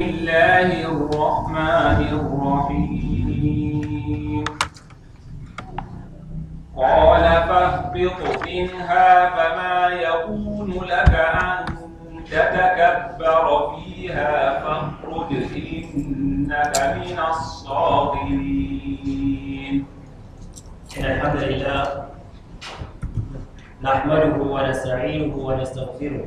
الله الرحمن الرحيم قال فاهبط منها فما يكون لك أن تتكبر فيها فاخرج إنك من الصاغرين إن الحمد لله نحمده ونستعينه ونستغفره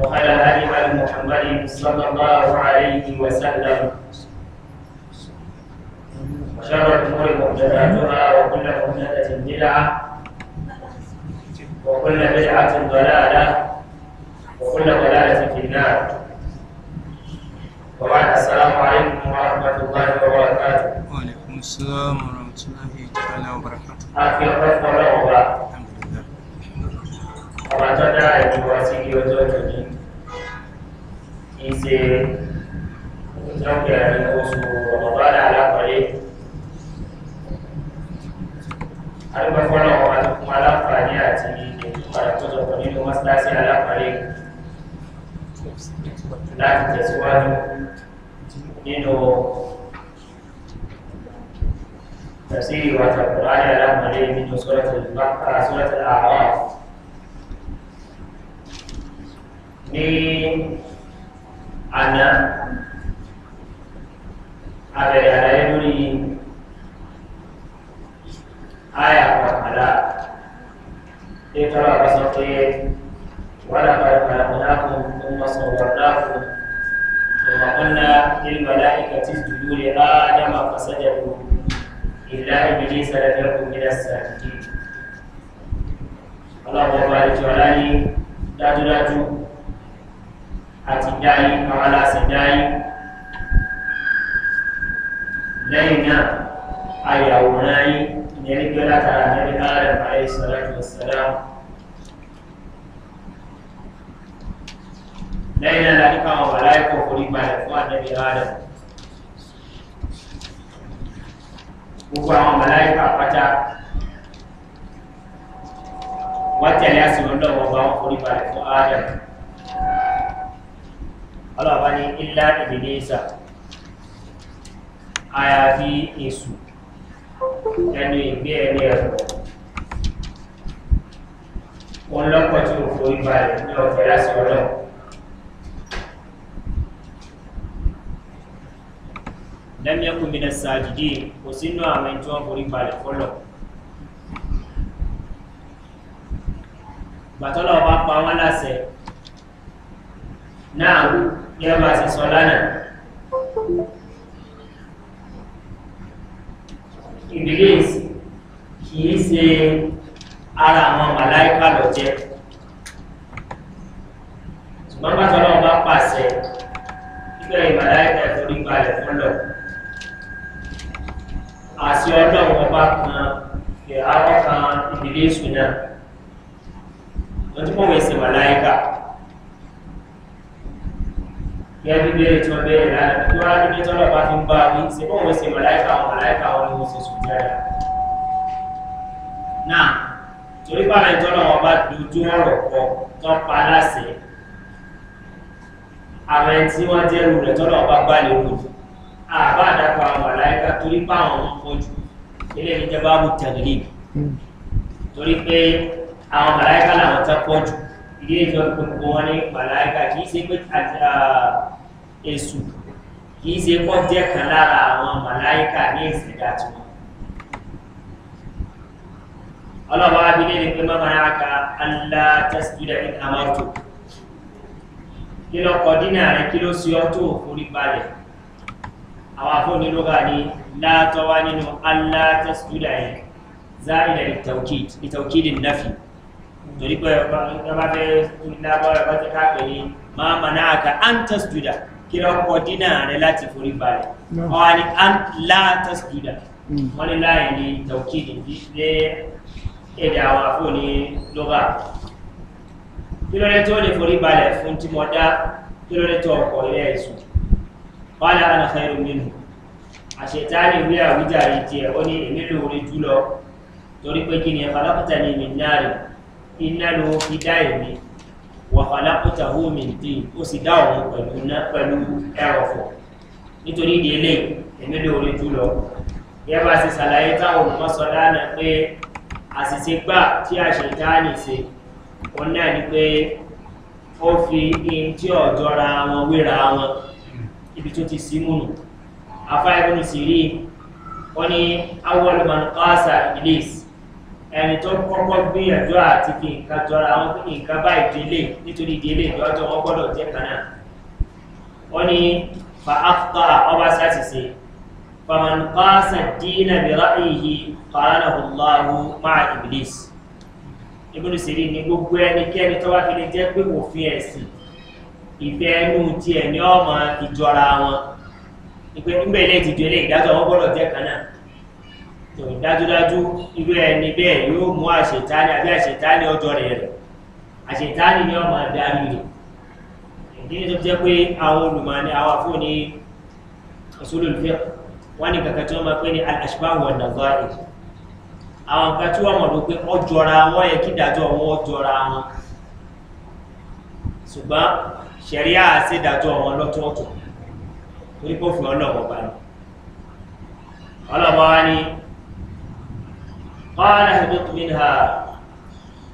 وعلى آل محمد صلى الله عليه وسلم وشر الامور محدثاتها وكل محدثه بدعه وكل بدعه ضلاله وكل ضلاله في النار وبعد السلام عليكم ورحمه الله وبركاته وعليكم السلام ورحمه الله تعالى وبركاته ọba tó dá ẹ̀mí wá sí ọjọ́ kìíní kì í ṣe ọjọ́ kẹrin oṣù ọ̀gbọ́n alákọ̀ọ́lé alúgbàfọ́nà ọba tó fún aláǹfààní àti ìdèkúpadà tó sọ̀rọ̀ nínú mọ́síláṣí alákọ̀ọ́lé láti tẹ̀síwájú nínú tẹ̀sí ìwà tàbí ayé alákọ̀ọ́lé nínú sọ́rọ̀ tẹ̀lé bá kára sọ́rọ̀ tẹ̀lé àwọn àwọn. ní àná abẹ̀rẹ̀ àlàyé lórí àyà kọkànlá tí tọ́lá bá sọ pé wàlá kàlàkàlà mọ̀láàkùn tó ń sọ wọ̀láàkùn ثم قلنا للملائكة اسجدوا لآدم فسجدوا إلا إبليس لم يكن من الساجدين. الله أكبر جلاله dájúdájú àti dáyé àwọn aláṣẹ dáyé lẹ́yìn náà ayàwòrán yìí ìyẹn ní pé látara mẹ́rin adam aláìsọ̀rọ̀ ìṣẹ̀lá lẹ́yìn náà láti káwọn wà láìpọ̀ orí balẹ̀ fún àdẹ́bí adam gbogbo àwọn mọ̀láìkà pátá wọ́n tẹ̀lé àsìwọ́n lọ́wọ́ bá wọn orí balẹ̀ fún adam ọlọ́ọ̀bá ní ilá ìdìlẹ́sà àyàfi èsù ẹnu ìgbé ẹni ẹ̀fọ́ òun lọ́pọ̀ tí ó forí balẹ̀ ní ọ̀fẹ́ láti ọlọ́ọ̀ lẹ́mí ẹkùn mi lẹ́sà àjìdí kò sínú àwọn ẹni tí wọ́n forí balẹ̀ fọ́lọ̀ gbàtọ́lọ́ wa pa wọ́n láṣẹ náà gẹ́gẹ́ bá ti sọ lánàá ìbílẹ̀s kìí ṣe ara àwọn màláìkà lọ jẹ́ ṣùgbọ́n bàtà ọlọ́run bá pàṣẹ nígbà ìmàláìkà ìforí balẹ̀ fọlọ̀ àṣẹ ọlọ́run ọba kan ìhárọ̀ kan ìbílẹ̀s náà wọ́n ti mọ̀wé ṣe màláìkà yẹbi bẹrẹ tí wọn bẹrẹ lánàá tí wọn á níbi tí wọn bá fi ń bá wí ṣe fún wọn ṣe mọláìka àwọn mọláìka wọn ni wọn ṣe sùn jáde. náà torí bá ẹjọ́ náà wọn bá dojú ọ̀rọ̀ kọ tó ń pa aláṣẹ àwọn ẹni tí wọ́n jẹ́ ẹrù rẹ̀ tó náà bá gbá lérò jù àbá àdàpọ̀ àwọn mọláìka torí bá àwọn wọn pọ̀ jù ilé ìjọba bù tẹ̀lé torí pé àwọn mọláìka làwọn tẹ́ pọ̀ jù ये jọkùnkùnrin màláìkà kìí ṣe pé èṣù kìí ṣe kọ́ jẹ́ kan lára àwọn màláìkà ní ìṣẹ̀dá tí wọ́n ọlọ́wọ́ abílẹ̀ ni pé mọ́mọ́ aka alátẹ́sìdá ní amọ́tò kí lọ kọ dínà rẹ̀ kí ló sí ọtọ́ òkúrí balẹ̀ àwọn afọ́ni ló bá ní látọ́wá nínú alátẹ́sìdá yẹn záìlẹ̀ ìtàwókìdì náfìí torí pé ọba fẹ́ lábọ́ ẹ̀kọ́ ti na aka anta mọ̀ kila ká antas juda kí lọ kọ dínà rẹ ni antas la wọ́n ní láàyè ní tàwùkìdì lé èdè àwọn àfò ní lọ́gà kí lọ́dẹ tó lè forí balẹ̀ fún tí mo dá kí lọ́dẹ tó ọkọ̀ ilé ẹ̀sùn wọ́n á lọ́nà fẹ́ràn nínú àṣetáni wí àwíjàre tiẹ̀ ó ní èmi lóore jùlọ torí pé ni ẹ̀fà iná ló fi dá èmi wàhálà kúta hómi dì ó sì dá òun pẹ̀lú ná pẹ̀lú ẹrọ̀fọ̀ nítorí ìdí eléyìí èmi lóore jùlọ yẹ bá ti ṣàlàyé táwọn olùkọ́ sọ lánàá pé àṣìṣe gbà tí àṣetáàní ṣe òun náà ni pé ó fi in tí ọ̀jọ́ra wọn wéra wọn ibi tó ti sí múnù afáyébùnú sì rí i wọ́n ní awọ́lùmọ̀ nǹkan ẹni tó kọ́kọ́ gbìyànjú àti fi nǹkan jọra àwọn pé nǹkan bá ìdílé nítorí ìdílé ìjọ́jọ́ wọn gbọ́dọ̀ jẹ́ kan náà ó ní fa afta ọba ṣàṣìṣe faman kọ́sà dínà bí ráìyí kọ́ránà hùláhù máa iblis ibùdó sì ni gbogbo ẹnikẹ́ni tó wá fi lè jẹ́ pé òfin ẹ̀sìn ìfẹ́ ẹnu tiẹ̀ ní ọmọ ìjọra wọn ìpè nígbà ilé ìtìjú ilé ìdájọ́ wọn gbọ́dọ̀ jẹ́ kan náà tó dájúdájú irú ẹni bẹ́ẹ̀ yóò mú àṣetáni àbí àṣetáni ọjọ́ rẹ̀ rẹ̀ àṣetáni ni ọmọ adarí rẹ̀ ìdí ni tó jẹ́ pé àwọn olùmọ̀ni àwọn afọ́ ní ọ̀sọ́lùfẹ́ wọ́n ní kankan tí wọ́n máa pé ní aláṣbáwọ̀ nàgbáyé àwọn nǹkan tí wọ́n mọ̀ ló pé ọjọ́ra wọ́n yẹ kí ìdájọ́ wọn ọjọ́ra wọn ṣùgbọ́n ṣẹ̀ríà àti ìdájọ́ wọn lọ́tọ̀ọ̀tọ̀ torí kó fi ọlọ́wọ́ bá ní ọlọ́wọ́ wá ní قال اهبط منها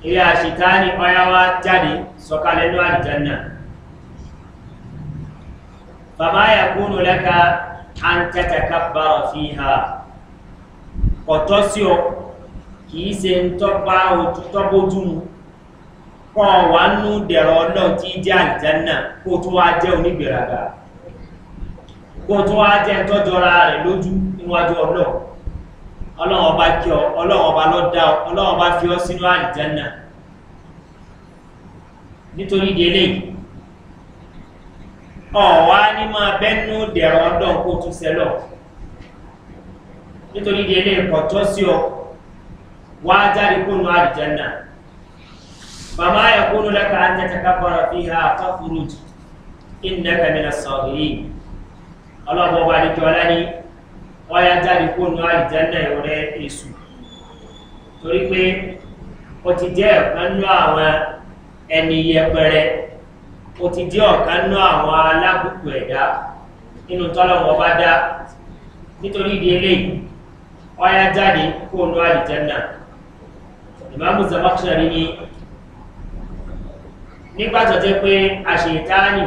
إلى شيطان أيوا جدي سكال له الجنة فما يكون لك أن تتكبر فيها قطسيو kìí ṣe ń tọ́pa tọ́bójúmu kọ́ wà ń nú dẹ̀rọ ọlọ́run tí jẹ́ àjánà kó tó wá jẹ́ onígbèrágà kó tó wá jẹ́ tọ́jọ́ra rẹ̀ lójú níwájú ọlọ́run ọlọ́run ọba kí ọ ọlọ́run ọba lọ dá ọ ọlọ́run ọba fi ọ sínú àlìjánà nítorí ìdí eléyìí ọ̀wá ní máa bẹ́nu dẹ̀rọ ọdún kó tún sẹ́lọ̀ nítorí ìdí eléyìí kọ̀ tọ́ sí ọ wá jáde kúnnú àlìjánà bàbá yẹ kúnnú lẹ́ka àjẹtẹ̀ká bọ̀rọ̀ fi hà fáfúrú jù ìnẹ́kẹ̀mí na sọ̀rọ̀ yìí ọlọ́run ọba àdìjọ́ ọlá ní ọ̀yá jáde kó nu àlìjánà ìrẹ́ èṣù torí pé ó ti jẹ́ ọ̀kan nú àwọn ẹni yẹpẹrẹ ó ti jẹ́ ọ̀kan nú àwọn alábùkù ẹ̀dá nínú tọ́lọ́wọ́ bá dá nítorí ìdí eléyìí ọ̀yá jáde kó nu àlìjánà ìmáàmù zamakṣari ni nígbà tó jẹ́ pé àṣetáàní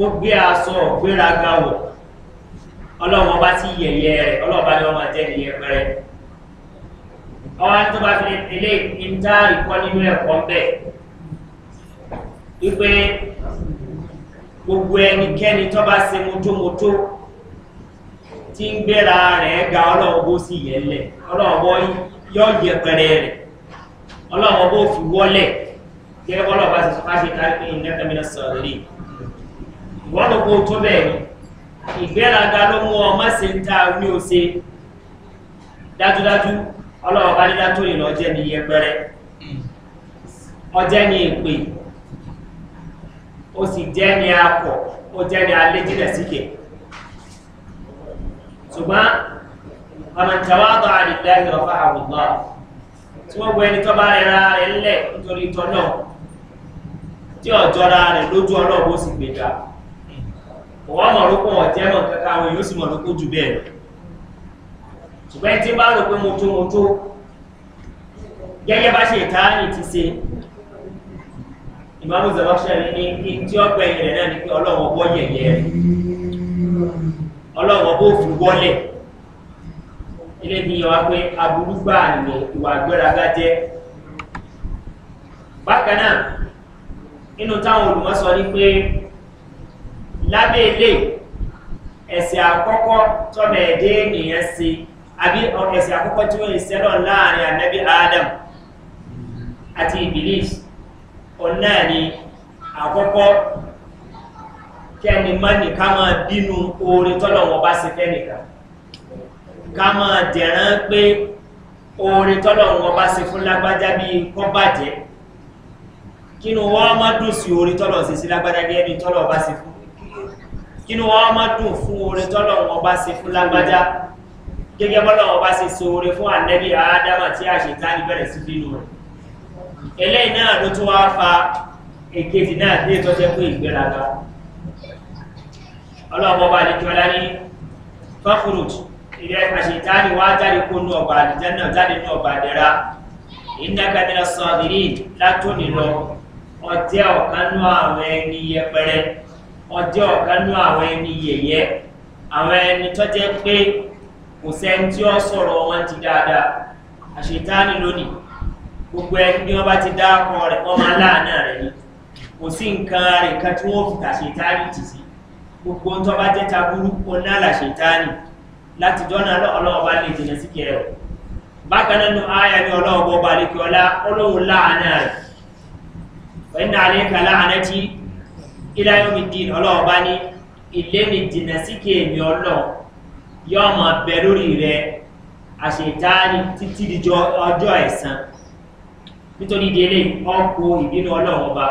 ó gbé aṣọ ògbéraga wọ̀ ọlọ́wọ́n bá sí yẹ̀yẹ́ rẹ̀ ọlọ́ọ̀bá ni wọ́n máa jẹ́ ní yẹpẹrẹ ọwọ́ tó bá fi ilé ìta ìkọ́ nínú ẹ̀kọ́ bẹ̀ wípé gbogbo ẹnikẹ́ni tó bá se motomoto tí ń gbéra rẹ̀ ga ọlọ́wọ́n bó sì yẹlẹ̀ ọlọ́wọ́n bó yọ yẹpẹrẹ rẹ̀ ọlọ́wọ́n bó fi wọlẹ̀ gẹ́gẹ́ bọ́lọ̀ bá ti sọ fáṣítà ní ìnẹ́kẹ́mínà sọ̀rọ̀ rí ìwọ́n tó bẹ́ẹ̀ ni. ìgbéraga ló mú ọmọ ṣe ń ta ní ose dájúdájú ọlọ́wọ́ bá nílá tó lè lọ jẹ́ ní ọjẹ́ ní èpè ó sì jẹ́ ní akọ̀ ó jẹ́ ní síkẹ̀ ṣùgbọ́n ọmọ wọ́n mọ̀ ló pọ̀ ọ̀jẹ́ mọ̀ kankan àwọn yóò sì mọ̀ ló kó jù bẹ́ẹ̀ lọ ṣùgbọ́n tí bá rò pé mo tó mo tó gẹ́gẹ́ bá ṣe ìtaáyìn ti ṣe ìmọ̀mù zọlọ́ṣẹ́ ní ní tí ó gbẹ̀yìn rẹ̀ náà ni pé ọlọ́wọ́ bọ́ yẹ̀yẹ́ rẹ̀ ọlọ́wọ́ bó fi wọlé ilé ní ìyẹn wá pé aburú gbà ní ìwà gbéraga jẹ́ bákan náà nínú táwọn olùmọ́sọ ní pé lábẹ́ ilé ẹ̀sẹ̀ àkọ́kọ́ tọ́nà ẹ̀dẹ́ ènìyàn sí àbí ẹ̀sẹ̀ àkọ́kọ́ tí wọ́n ìṣẹ́lọ̀ láàrin ànábì adam àti ibilis ọ̀nà ni àkọ́kọ́ kẹ́ni mọ́ni ká máa bínú oore tọ́lọ̀ wọn bá se fẹ́nìkan ká máa dẹ̀rán pé oore tọ́lọ̀ wọn bá se fún lágbájá bíi kọ́ bàjẹ́ kínú wọ́n má dùn sí oore tọ́lọ̀ sí sí lágbájá bí ẹni tọ́lọ̀ bá se fún kínú wọn má dùn fún oore tọ́lọ̀ wọn bá se fún lágbájá gẹ́gẹ́ bọ́lọ̀ wọn bá se so oore fún ànẹ́bí àádámà tí àṣetá ní bẹ̀rẹ̀ sí bínú rẹ̀ eléyìí náà ló tún wá fa èkejì náà dé tó jẹ́ pé ìgbéraga ọlọ́ọ̀bọ̀ bá lè jọlá ní fọ́fúrùt ilé àṣetá ní wá jáde kó nú ọgbà àdìjẹ́ náà jáde nú ọgbà àdẹ́ra ìdákàdẹ́ra sọ̀rìn látòní lọ ọjẹ́ ọ̀kan nú àwọn ẹni yẹpẹrẹ ọjọ́ ọ̀kanú àwọn ẹni yẹ̀yẹ́ àwọn ẹni tó jẹ́ pé kò sẹ́ni tí ó sọ̀rọ̀ wọn ti dáadáa àṣetáni lónìí gbogbo ẹni bí wọ́n bá ti dá ọkọ rẹ̀ wọ́n máa láàánú rẹ̀ ni kò sí nǹkan rẹ̀ nǹkan tí wọ́n fi tàṣetáni tì sí gbogbo tó bá jẹ́ taburú oná làṣetáni láti dọ́nà ọlọ́ọ̀bá lè jìnà sí kẹrẹ̀ bákan nínú ayà ní ọlọ́ọ̀bọ̀ balẹ̀kẹ́ ọlá olóhùn láàánú rẹ̀ wẹ́n náà lè kà láàánú iláyọ̀mí dín ọlọ́run bá ní ilé mi jìnnà síkè èmi ọlọ́run yóò máa bẹ lórí rẹ àṣetáni títí di ọjọ́ ẹ̀sán nítorí délé ọkọ̀ ìbínú ọlọ́run ọba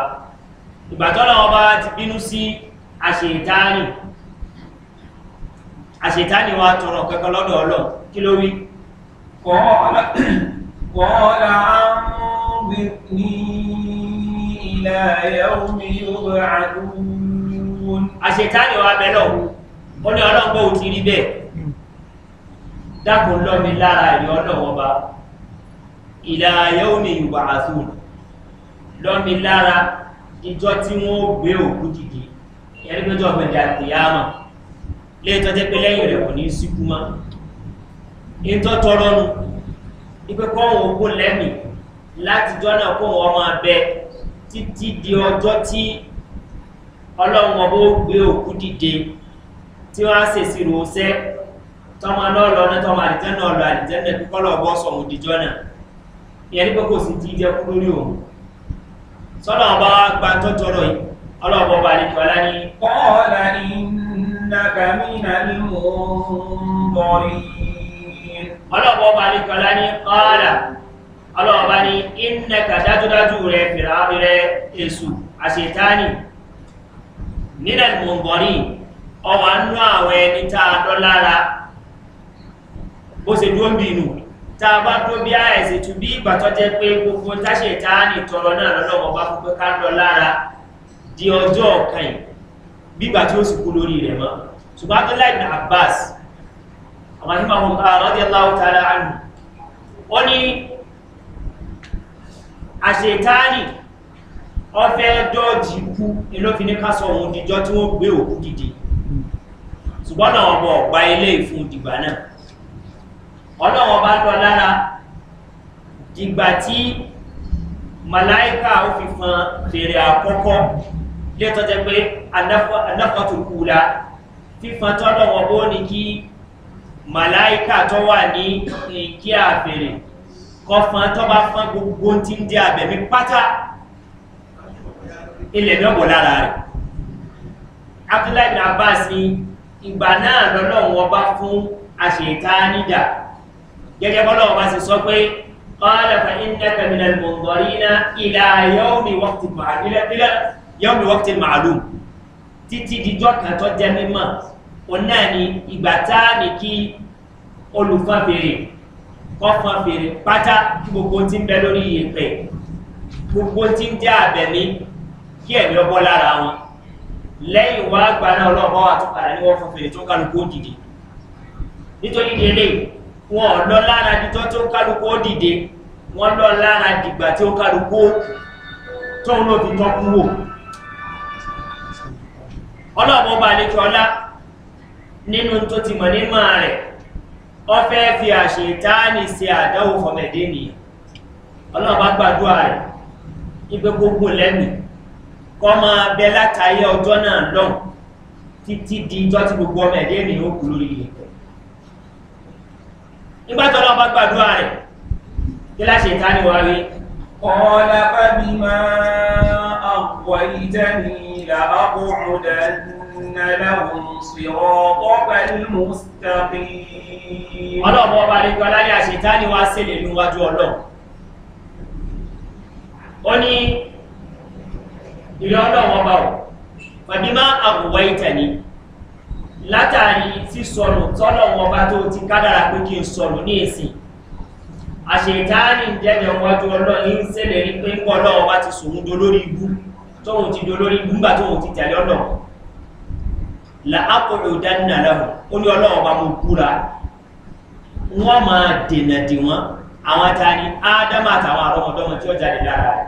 ìbàtọ́ ọlọ́run ọba ti bínú sí àṣetáni àṣetáni wa tọrọ kankan lọ́dọ̀ ọlọ́run kí ló wí. kọ́ ọ̀la ń gbé ní. إلى يوم يبعثون àṣetáni wa bẹ lọ ó ní ọlọ́gbọ́ ò ti rí bẹ́ẹ̀ dákun lọ́mi lára ìyọ́ ọlọ́wọ́ bá ìlà yóò ní ìwà àtún lọ́mi lára ìjọ tí wọ́n gbé òkú dìde ẹ̀rígbẹ́jọ́ ọ̀gbẹ̀dẹ̀ àtìyámà lẹ́ẹ̀tọ́ jẹ́ pé títí di ọjọ́ tí ọlọ́run ọba ó gbé òkú dìde tí wọ́n á ṣèṣì ròṣẹ́ tọ́mọ náà lọ náà tọ́mọ àdìjẹ́ náà lọ àdìjẹ́ náà pípọ́ lọ bọ́ sọ̀hún dìjọ́ náà ìyẹn nípa kò sí ti kú lórí òun sọ́nà ọba gba tọ́jọ́ rọ̀ yìí ọlọ́ọ̀bọ̀ ọba àdìjọ́ ọlá ní. kọ́ọ̀lá ní nàgàmínà ní mò ń bọ̀rí. ọlọ́ọ̀bọ̀ ọba àdìjọ́ ọlá ní kọ́ọ̀lá ọlọ́run bá ní ìnẹ́ka dájúdájú rẹ fìràárí rẹ èṣù àṣetáni nílẹ̀ mọ̀ngọ́rì ọwà nú àwọn ẹni tá a lọ lára bó ṣe dúró bí inú tá a bá dúró bí àìsè tún bí ìgbà tó jẹ́ pé gbogbo táṣetáni tọrọ náà lọ́lọ́wọ́ bá fún pé ká lọ ah, ó ní àṣetáàlì ọfẹ́ dọ́ọ̀jì kú elófin ní ká sọ òun dìjọ́ tí wọ́n gbé òkú dìde ṣùgbọ́n náà ọmọ ọ̀gbá ilé ìfún ìdìgbà náà ọlọ́wọ́n bá lọ lára dìgbà tí màláìkà ó fi fan fèrè àkọ́kọ́ létọ́ jẹ́ pé anáfàtòkúla fífan tọ́lọ́wọ́n bó ní kí màláìkà tó wà ní kí àfèrè kọfọn tọba fọn gbogbo ti ń dé abẹ̀mí pátá ilẹ̀ ní ọ̀bọ̀ lára rẹ̀ abdullahi bin abbas ni ìgbà náà lọ́nà wọn bá fún àṣetánidà gẹ́gẹ́ bọ́lá wọn bá sì sọ pé kọ́lá fa iná kàmínà mọ̀ngọ́rí iná ilà yóò ní wọ́pítì màálùm títí díjọ́ kan tó jẹ́ mímọ́ òun náà ni ìgbà tá ní kí olùfọ́n ọkàn fèrè pátá kí gbogbo ti ń bẹ lórí ìyẹ̀pẹ̀ gbogbo ti ń jẹ́ àbẹ̀mí kí ẹ̀mí ọbọ̀ lára wọn lẹ́yìn wá gba náà ọlọ́ọ̀bọ̀ wà tó padà ní wọ́n fún fèrè tó kálukú dìde nítorí délé wọn ò lọ lára dìtọ́ tó kálukú dìde wọn lọ lára dìgbà tó kálukú tó ń lò fi tọ́ kú wò ọlọ́ọ̀bọ̀ balẹ̀ kí ọlá nínú tó ti mọ̀ ní máa rẹ̀ ọfẹ́ fi àṣetáni ṣe àdáwò fọmẹ̀dé ni ọlọ́run bá gbàdúrà rẹ̀ ipe gbogbo lẹ́mì kọ́ máa bẹ látàyé ọjọ́ náà lọ́n títí di ijọ́ tí gbogbo ọmọ ẹ̀dẹ́ ni ó kú lórí ilẹ̀ nígbà tó ọlọ́run bá gbàdúrà rẹ̀ kí láṣetáni wá rí. ọ̀la bá mi àwọ̀ ìjẹ́ ni dẹ́nu ọlọ́pọ̀ ọba nígbà láyé àṣetáni wá sílẹ̀ níwájú ọlọ́ ó ní ìrẹ́ ọlọ́wọ́ bá ọ̀ pàbí má àbùwọ̀ ìtẹ̀ni látàrí sísọ̀nù tọ́lọ̀wọ́ bá tó ti kádàrà pé kí n sọ̀nù ní èsì àṣetáni jẹ́jẹ̀ wájú ọlọ́ ń sílẹ̀ rí pé ń kọ́ ọlọ́wọ́ ti sòun dolórí ibú tóun ti dolórí ibú ńgbà ti tẹ̀lé ọlọ́wọ́ la akọ̀dánná lẹ́hùn ó ní ọlọ́wọ́ bá mú búra wọ́n máa dènà dì wọ́n àwọn ta ni ádámà àtàwọn àrọ́mọdọ́mọ tí ó jáde lára rẹ̀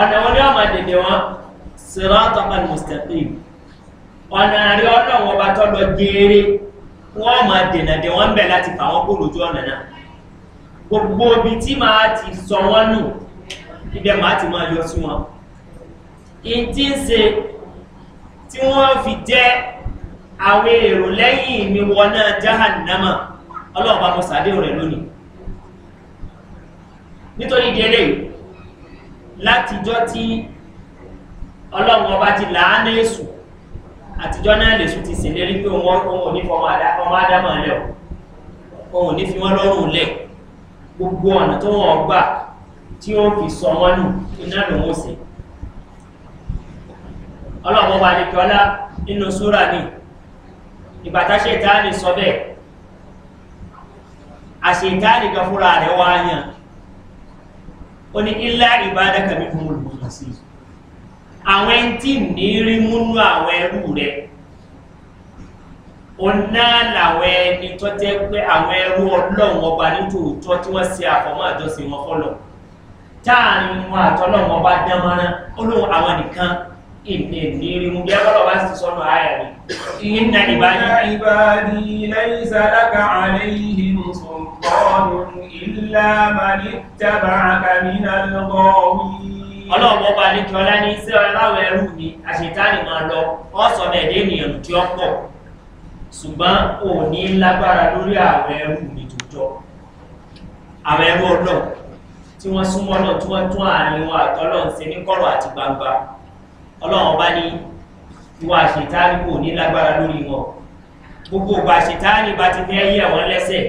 ọ̀nà wọn ni wọ́n máa dènà wọn sèrátọ́ kan mustapim ọ̀nà àrí ọlọ́wọ́ bá tọ́lọ geere wọ́n máa dènà dì wọ́n bẹ̀ láti fà wọ́n kó lójú ọ̀nà náà gbogbo ibi tí màá ti sọ wọ́n nù ibẹ̀ màá ti máa yọ sí wọn ìtí ń se tí wọ́n fi jẹ́ àwọn èrò lẹ́yìn mi wọná jahannama ọlọ́ọ̀bá kọ sàdéhùn rẹ̀ lónìí nítorí délé látijọ́ tí ọlọ́run ọba ti làánà èsù àtijọ́ náà lèṣù ti sèlérí pé òun ò ní fọmọ adámọ̀ lẹ̀ òun ò ní fi wọ́n lọ́rùn lẹ̀ gbogbo ọ̀nà tó wọ́n gbà tí ó fi sọ wọ́n nù iná lòun ó sèé ọlọ́run wà ní kíọ́lá nínú súra ní ìbátáṣe ìtaàní sọ bẹ́ẹ̀ àṣẹ ìtaàní kan fúnra rẹ̀ wá yàn ó ní ilá ìbádá kàmí fún olùmọ̀lá sí àwọn ẹni tí ní rí múnú àwọn ẹrú rẹ̀ ọ̀nà làwọn ẹni tó jẹ́ pé àwọn ẹrú ọlọ́run nítòótọ́ tí wọ́n ṣe àfọ̀mọ́ àjọsìn wọn fọ́lọ̀ táàrin wọn àtọ́lọ́run ọba dán àwọn nìkan ìdèdìrìmù bí ọlọ́wọ́ bá sì sọ́nà àyà ni ìhìnà ìbáyí lẹ́yìnsá lákà àlẹ́yìn sọ̀tọ́nù ìlà màní jábà àkàmínà lọ́wọ́ ọlọ́wọ́ bá ní kíọ́lá ní iṣẹ́ aláwọ̀ ẹrù mi àṣetánì máa lọ wọ́n sọ ẹ̀dẹ́ ènìyàn tí ó pọ̀ ṣùgbọ́n ò ní lágbára lórí àwọn ẹrù mi tó jọ àwọn ẹrù ọlọ́ tí wọ́n súnmọ́ náà tí wọ́n tún àárín wọn àtọ́lọ́ ń se ní kọ́rọ̀ àti gbangba ọlọ́run bá ní ìwà ṣètáàrí kò ní lágbára lórí wọn gbogbo ìgbà ṣètáàrí bá ti fẹ́ yí ẹ̀wọ̀n lẹ́sẹ̀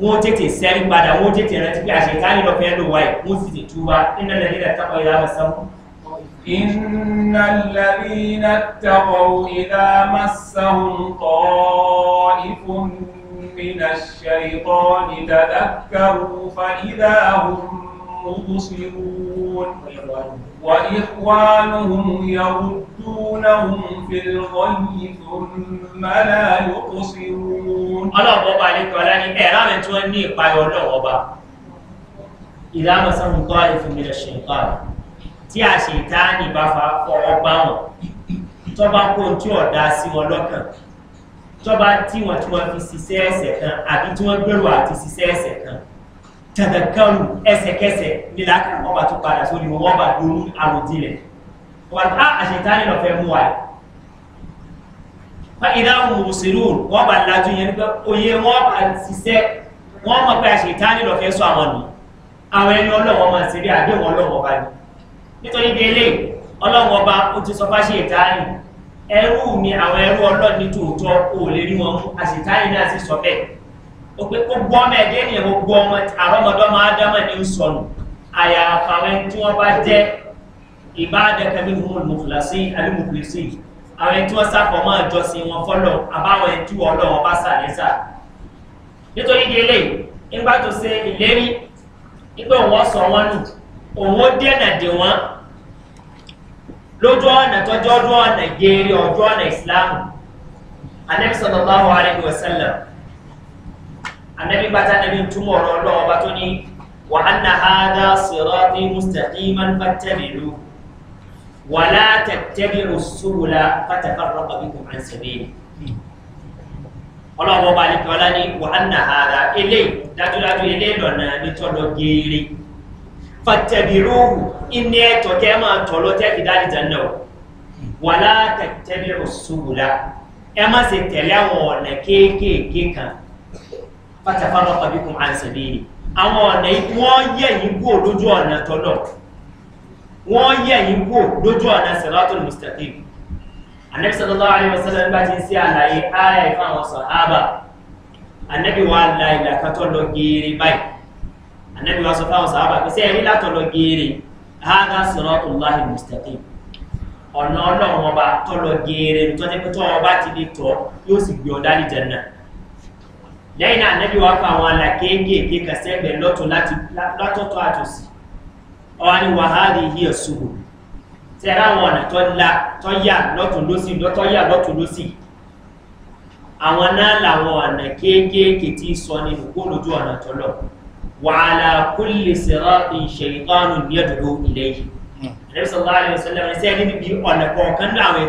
wọ́n tètè sẹ́rí padà wọ́n tètè rántí pé àṣetáàrí lọ́fẹ́ ló wáyé wọ́n sì ti túbá nínú ẹ̀rẹ́ nílẹ̀ tápọ̀ ìlànà sánwó إن الذين اتقوا إذا مسهم طائف من الشيطان تذكروا فإذا هم مبصرون وإخوانهم يردونهم في الغي ثم لا يقصرون الله بابا عليك ولا ني اعلان تو ني باي الله بابا اذا مسهم طائف من الشيطان tí a ṣe ìtaáni bá fa ọwọ́ gbá wọn tó bá kó tí ọ̀dá sí wọn lọ́kàn tó bá tí wọn tí wọn fi ṣiṣẹ́ ẹ̀sẹ̀ kan àbí tí wọ́n gbèrò àti ṣiṣẹ́ ẹ̀sẹ̀ kan tẹ̀dẹ̀kẹ́rù ẹsẹ̀kẹsẹ̀ ní láti wọ́n bá tún padà sórí wọ́n bá lórí àròjì rẹ̀ wọ́n á àṣetánì lọ́fẹ́ mú wa fa ìdáhùn òṣèlú wọ́n bá lajú yẹn pé oyè wọ́n bá ṣiṣẹ́ wọ́n mọ̀ pé àṣetánì lọ́fẹ́ sọ àwọn nù àwọn ẹni ọlọ́wọ́ máa ṣe rí àdéhùn ọlọ́wọ́ pé gbogbo ọmọ ẹ̀dẹ́ ènìyàn gbogbo ọmọ àrọ́mọdọ́mọ ádámà ní ń sọnù àyàfà rẹ tí wọ́n bá jẹ́ ìbáàdẹ́kẹ́mí mọ̀lùmọ̀fìlàsí alímọ̀fìlàsí àwọn ẹni tí wọ́n sáfọ̀ máa jọsìn wọn fọ́lọ̀ àbáwọn ẹni tí wọ́n lọ́wọ́ bá sàlẹ́sà nítorí délé nígbà tó ṣe ìlérí nígbà òun sọ wọn nù òun ó dènà dè wọn lójú ọ̀nà tọ́jú ọdún ọ̀nà geere ọjọ́ ọ̀nà ìsìláàmù anẹ́bísọ̀tọ̀ báwọn arẹ́gbẹ̀wẹ̀sẹ̀lẹ̀ anabi bàtà anabi túmọ̀ ọ̀rọ̀ ọlọ́wọ́ bá tó ní wà á na ha dá sèrọ́tì mustaqiman fatabilu wà látà tẹ́bi rusula fatafarra kọ̀bí kò máa ń sẹ́bi. ọlọ́wọ́ bá ní kọ́lá ní wà á na ha dá ilé dájúdájú ilé lọ́nà nítọ́lọ́ géèrè fatabilu iná ẹ̀tọ́ kẹ́ máa tọ́lọ́ tẹ́ náà wà látà tẹ́bi rusula ẹ má àwọn ọ̀nà kéékèèké kan fatafarọ́ pàbíkùn àǹsẹ̀bí àwọn ọ̀nà wọ́n yẹ̀yìn kúò lójú ọ̀nà tọ́lọ̀ wọ́n yẹ̀yìn kúò lójú ọ̀nà sẹ̀rọ̀tún mustaqim anabi sallallahu alayhi wa sallam nígbà tí ń sí àlàyé ayé fún àwọn sọ̀hábà ọ̀nà ọlọ́run ọba tó geere tó jẹ́ pé ọba ti lè tọ́ yóò sì gbé ọ̀dá ní náà lẹ́yìn náà nẹ́bí wá fa àwọn alákéékèèké kàṣẹ́gbẹ̀ lọ́tọ̀tọ̀ àtòsí ọwá ní wàhálì yí ọ̀ṣùgbò tẹ́rà àwọn ọ̀nà tó àwọn náà làwọn ọ̀nà kéékèèké tí sọ ní hmm. ẹ̀dọ̀dọ̀ ọ̀nà kọ̀ọ̀kan náà àwọn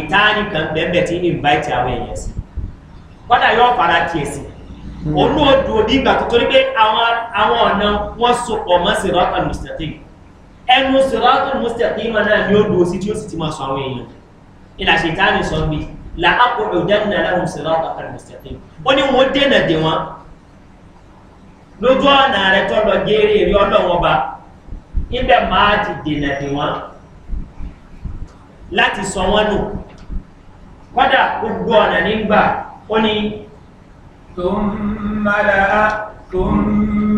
ẹ̀tọ́ kan bẹ́ẹ̀ tí ń invite àwọn èèyàn sí kọ́dà yóò fara tiẹ̀ sí hmm. olú odò òbí ìgbà tó torí pé àwọn ọ̀nà wọn so pọ̀ mọ́ sèrọ́tà mùsítẹ́tìm ẹnu sèrọ́tà mùsítẹ́tìm náà ni ó dùn sí tí ó sì ti máa sọ àwọn èèyàn ìlà ṣètánì sọ bí làákò ìdánilá láwọn sèrọ́tà mùsítẹ́tìm ó ní wọn dènà dè wọn lójú ọ̀nà rẹ tó lọ géèrè rí ọlọ́wọ́n ba ibẹ̀ máa ti dènà dè wọn láti sọ wọn nù kọ́dà gbogbo ọ̀nà nígbà ó ní ثم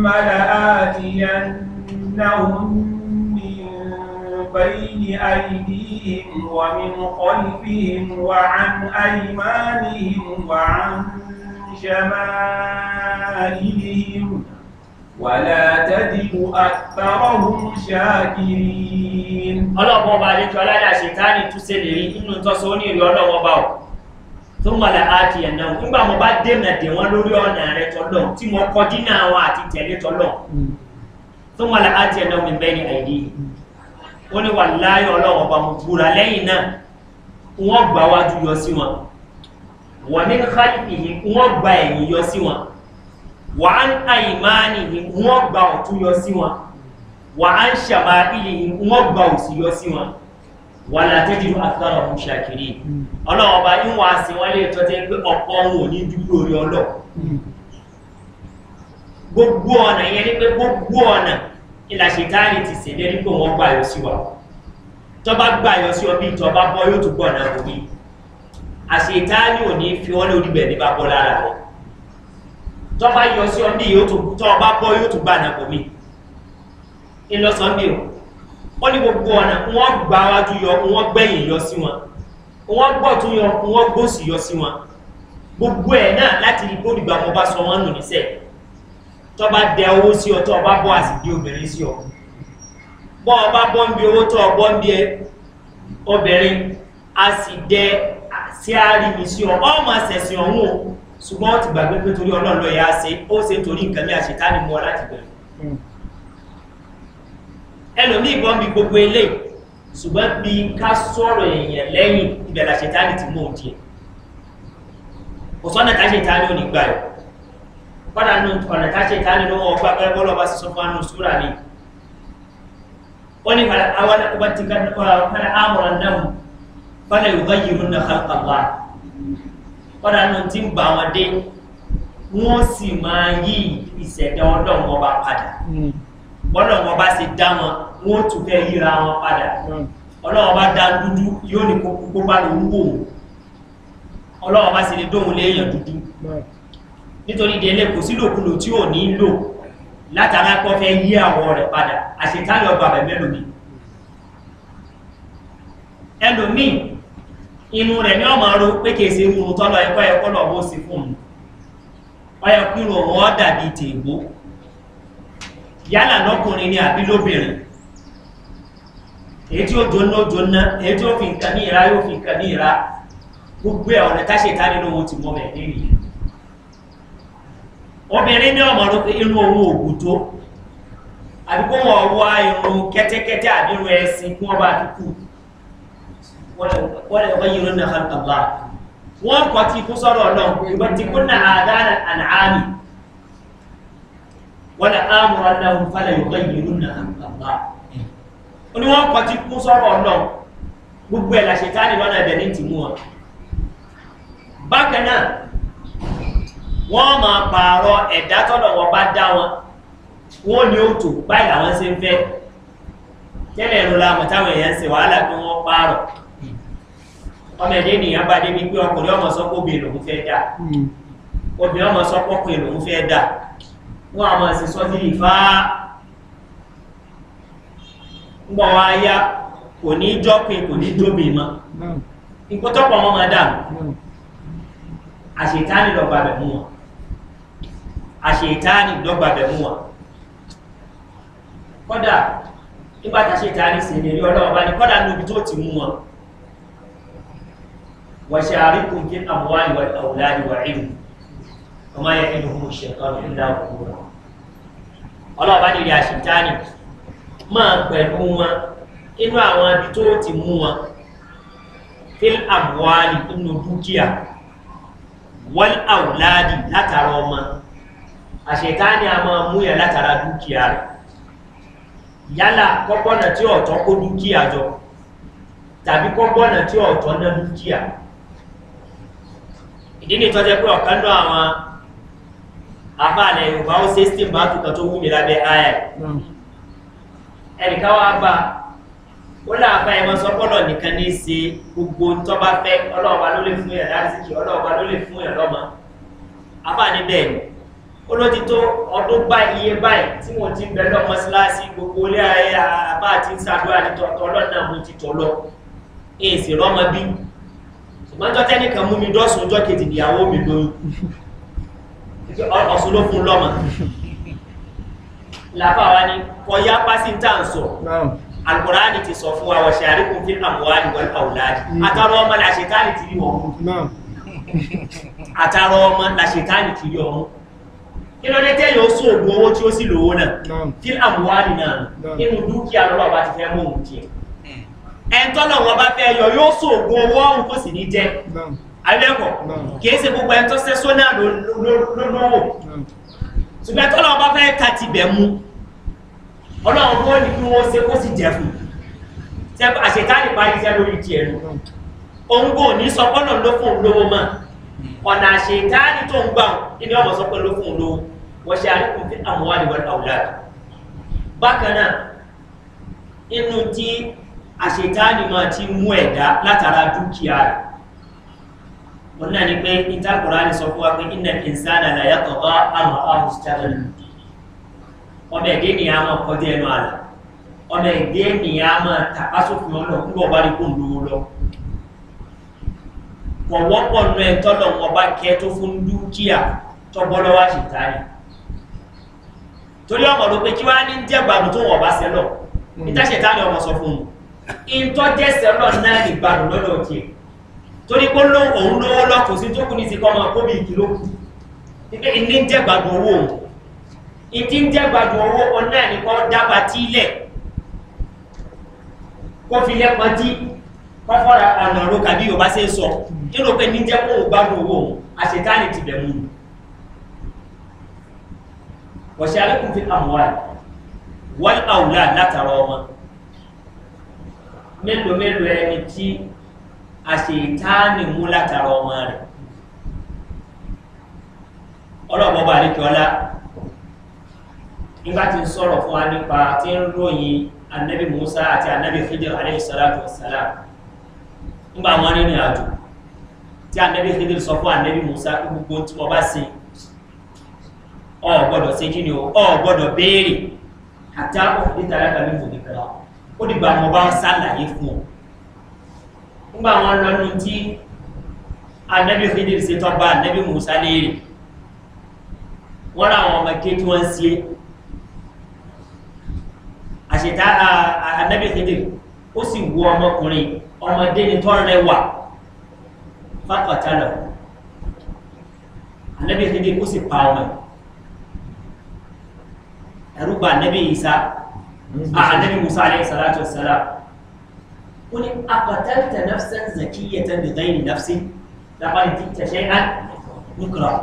لآتينهم من بين أيديهم ومن خلفهم وعن أيمانهم وعن شمائلهم ولا تجد أكثرهم شاكرين. ọlọ́pọ̀ ọba àlejò aláìláṣẹ̀ tá ní túnṣe lè rí nínú tọ́sọ ó ní ìlú ọlọ́wọ́ bá ọ̀ tó ń wàlẹ̀ àti ẹ̀nà nígbà mo bá dènà dè wọ́n lórí ọ̀nà rẹ tọ́lọ̀ tí mo kọ́ dínà wọn àti tẹ̀lé tọ́lọ̀ tó ń wàlẹ̀ àti ẹ̀nà mi bẹ́ẹ̀ ni àìdí ó ní wà láyé ọlọ́wọ́ bá mo búra lẹ́yìn náà wọ́n gbà wájú yọ sí wọn wọ́n ní kálífìhì wọ́n gba ẹ̀yìn yọ sí wọn wọ́n á ń àyìmáàní wọ́n gba ọ̀tún yọ sí wọn wọ́n á ń ṣàmáìlì wọ́n gba òsì wà látẹ́jú àtàrà ọ̀hún ṣàkiri ọlọ́run ọba ìwọ̀n àsìn wọn lè tọ́jẹ́ pé ọ̀pọ̀ ohun ò ní dúró orí ọlọ́ hmm. gbogbo ọ̀nà yẹn ni pé gbogbo ọ̀nà ìlàṣẹ̀tàrí ti ṣèlé nípò wọn gbà yọ sí wa tọ́ba gbà yọ sí ọbí ìtọ́ba bọ́ yóò tún gbọ̀nà òbí àṣẹ̀tàrí ò ní fi wọ́n lórí bẹ̀ẹ́ nípa bọ́ lára rẹ̀ tọ́ba yọ sí ọbí tọ́ba bọ́ yóò tún gbọ̀nà òbí ńlọsọ̀ọ́bí o wọ́n ní gbogbo ọ̀nà wọ́n gbà wájú yọ wọ́n gbẹ̀yìn yọ sí wọn wọ́n gbọ́ tún yọ wọ́n gbòsì yọ sí wọn gbogbo ẹ̀ náà láti rí bórígbà wọn bá sọ wọn nù níṣẹ́ tọ́ bá dẹ owó sí ọ tọ́ bá bọ́ àsìkò obìnrin sí ọ bọ́ ọ bá bọ́ ń bi owó tọ́ ọ bọ́ ń bi obìnrin a sì dẹ sí àrími sí ọ ọmọ àṣẹ̀sìn ọ̀hún o ṣùgbọ́n ó ti gbàgbé pé torí ọlọ́run lọ́ọ́ yà á ṣe ó ṣe torí nǹkan ní àṣetánimọ́ láti bẹ̀rẹ̀. Hmm ẹlòmí ìbọn bí gbogbo ilé ṣùgbọ́n bí ká sọ̀rọ̀ èèyàn lẹ́yìn ìbẹ̀là ṣètánì ti mú òdì ẹ̀ kò sọ́nà tá ṣètánì ò ní gbà ẹ̀ kọ́nà nù ọ̀nà tá ṣètánì ló wọ́n gbà pé bọ́lọ̀ bá sọ fún anú súrà ni wọ́n ní fara àwọn akọba ti ká fara àmọ̀ràn náà fara ìwọ́ yìí rún náà kàkàlá kọ́nà nù ti ń bà wọn dé wọ́n sì máa yí ìṣẹ̀dá ọlọ́run ọba bọ́lọ̀ wọn bá ṣe dá wọn wọ́n tún fẹ́ yíra wọn padà hmm. ọlọ́wọ́n bá dá dúdú yóò ní kókó kó bá lòún wò wọ́n ọlọ́wọ́n bá ṣe lè dóhun léèyàn dúdú hmm. nítorí délé kò sí lòkulò tí ò ní lò látara fẹ́ yí àwọ̀ rẹ̀ padà inú rẹ̀ ní ọmọ ro pé irun tọ́lọ ẹ̀kọ́ ẹ̀kọ́ lọ́wọ́ sí yálà lọ́kùnrin ni àbí lóbìnrin èyí tí ó jóná jóná èyí tí ó fi nǹkan ní ìra yóò fi nǹkan ní ìra gbogbo ẹ̀ ọ̀nà táṣe ìta nínú ohun ti mọ́ bẹ̀ nínú yìí obìnrin ní ọmọ inú ohun ògùn tó àbí kó wọ́n wá irun kẹ́tẹ́kẹ́tẹ́ àbí irun ẹ̀sìn kí wọ́n bá fi kú wọ́n lè wọ́n yìí rún náà kan tàbá wọ́n kọ́ ti kú sọ́rọ̀ náà ìbọn ti kú náà àdáàlà àlàámi wọ́n àmúra náà fálẹ̀ yóò gbẹ̀yìn irú náà àmà ó ní wọ́n kọ́ ti kún sọ́rọ̀ ọ̀nà gbogbo ẹ̀ làṣẹ táàlì lọ́nà ẹ̀bẹ̀ ní tìmú wọn bákan náà wọ́n máa pààrọ̀ ẹ̀dá tọ́lọ̀ wọn bá dá wọn wọ́n ní ó tò báyìí làwọn ṣe ń fẹ́ tẹ́lẹ̀ ẹ̀rọ làmọ̀ táwọn èèyàn ṣe wàhálà pé wọ́n pààrọ̀ ọmọ ẹ̀dẹ́ ènìyàn bá débi pé ọkùnrin ọmọ sọ́kọ́ obìnrin òun fẹ́ dà hmm. obìnrin ọmọ sọ́kọ́ ọkùnrin òun fẹ́ dà wọ́n àwọn ẹ̀sìn sọ́dí ìfá gbọ́ wa yá kò ní jọ́pin kò ní jóbi mọ́ ìkótọ́pọ̀ hmm. wọn máa dànù hmm. àṣetáni lọ́gbà bẹ̀ mú wọn àṣetáni lọ́gbà bẹ̀ mú wọn kọ́dà nígbà tàṣetáni sì ní ẹ̀rí ọlọ́wọ́ bá ní kọ́dà níbi tó ti mú wọn wàṣàríkùn kí àmúwáyíwá àwùláyíwá ìlú ọmọ ayẹyẹ ìlú ṣẹ̀tọ́ ìlú dáwọ̀ ọlọ́ọ̀bá ní ilé àṣìjáni máa pẹ̀lú wọn inú àwọn ibi tó ti mú wọn fil àbúwálì inú dúkìá wọ́n àwùláàdì látara ọmọ àṣetáni a máa mú yẹn látara dúkìá rẹ̀ yálà kọ́gbọ́nà tí ọ̀tọ́ kó dúkìá jọ tàbí kọ́gbọ́nà tí ọ̀tọ́ ná dúkìá ìdí ni tọ́jẹ́ pé ọ̀kan náà àwọn àfa àlẹ yorùbá ó ṣe steam bá tukọ̀ tó wú mi lábẹ́ ayà hmm. ẹnìkan wá bá ó láàbá ẹ mọ sọ pọ́lọ̀ nìkan ní í ṣe gbogbo tọ́ba fẹ́ ọlọ́ọ̀ba ló lè fún yàn lásìkò ọlọ́ọ̀ba ló lè fún yàn lọ́mọ àfa ní bẹ́ẹ̀ ni ó ló ti tó ọdún báyìí iye báyìí tí mo ti ń bẹ lọ́mọ síláàsì gbogbo ilé ayé àbá àti ń ṣàdúrà ní tọ́tọ́ ọlọ́ọ̀nà mo ti tọ̀ lọ èsì rọ́mọ bí ṣùgbọ́n jọ́tẹ́nìkan mú mi dọ́sùn ọjọ́ ìyàwó mi lóyún ọ̀sùn ló fún lọ́mọ làbáwa ni kọjá pásíntà ń sọ alukóraani ti sọ fún wa wọ sari kun fi amuwaani wali awulaadi ataro mm. ọmọ la ṣetani tiri ọmọ ataro ọmọ la ṣetani tiri ọmọ kílódé tẹ yóò sún ògùn owó tí ó sì lówó náà fi amuwaani náà inú dúkìá lọ́wọ́ bá ti fẹ́ mú mm. òun tiẹ̀ ẹ̀ńtọ́ lọ́wọ́ bá fẹ́ àbẹ́kọ̀ kìí ṣe gbogbo ẹni tó ṣe sóná lólówó ṣùgbọ́n tó lọ́wọ́ bá fẹ́ ka ti bẹ̀ mu ọlọ́run kọ́ ni kí wọ́n ṣe kó sì jẹ fún àṣetáni parí iṣẹ́ lórí tiẹ̀ nù òun kò ní sọ pọ́nà ló fún òun lówó mọ́ ọ̀nà àṣetáni tó ń gbà kí ni ọmọ sọ pé ló fún òun lówó wọ́n ṣe àríkùn fún àwọn wà níwọ̀n àwùjá bákan náà inú tí àṣetáni máa ti mú ẹ̀dá látara dúkìá rẹ̀ òun náà ni pé ìtàkùrá ni sọ fún wa pé iná ìsánà làyà tó bá àrùn ọ̀hún ṣiṣẹ́ lọ ọmọ ẹ̀dẹ́ ni a máa kọjá ẹnu àlà ọmọ ẹ̀dẹ́ ni a máa tàpá sófin ọlọ nígbà bá rí kó ń lówó lọ kò wọ́pọ̀ nù ẹ̀ tọ́lọ̀ wọn bá kẹ́ tó fún dúkìá tọ́gbọ́lọ́ wá ṣètá yìí torí ọmọ ló pé kí wá ní jẹ́gbàdùn tó wọ̀ bá sẹ́lọ̀ níta hmm. ni ọmọ sọ fún un ìtọ́jẹ́sẹ̀ lọ torí pé òun lówó lọ kò sí tó kù ní ti kọ́ ọmọ kóbi ìkìló kù pé ilé ń jẹ́gbàdùn owó òun ìdí ń jẹ́gbàdùn owó òun náà nìkan dábàá tí ilẹ̀ kó fi lẹ́pọ̀ dí kọ́ fọ́ra ọ̀nà ro kàbí yorùbá ṣe ń sọ nínú pé ní jẹ́ kó òun gbádùn owó òun àṣetánì ti bẹ̀ mú un ọ̀ṣẹ́ alẹ́kùn fi àwọn àrẹ wọ́n àwùlà látara ọmọ mélòó mélòó ẹni tí àṣetáàni mú látara ọmọ rẹ̀ ọlọ́pọ̀ bá àríkíọ́lá nígbà tí ń sọ̀rọ̀ fún wa nípa tí ń ròyìn anabi musa àti anabi fidel aleyhisalatu wasalam nígbà wọn nínú àjò tí anabi fidel sọ fún anabi musa gbogbo tí wọn bá se ọ gbọdọ̀ se kí ni o ọ gbọdọ̀ béèrè àtàkùn nítorí àgbàmí fòdìkàlá ó dìgbà wọn bá ń sàlàyé fún ọ ńgbà wọn lọ́nu tí anábì fìdí sí tọ́gbà anábì musa léèrè wọ́n rà àwọn ọmọ kéékì wọ́n sí àṣetá anábì fìdí ó sì wú ọmọkùnrin ọmọdé ni tọ́rẹ wà fákọ̀tà lọ anábì fìdí ó sì pa ọmọ ẹ̀rú gba anábì isa anábì musa alẹ́ sàlátọ̀ sàlátọ̀ ó ní akọ̀tẹ́lítà nọ́fṣẹ́ zakiya tẹ́ bí gẹ́yìn nọ́fṣẹ́ lápárí tí tẹ̀ ṣe án nìkọ̀rọ̀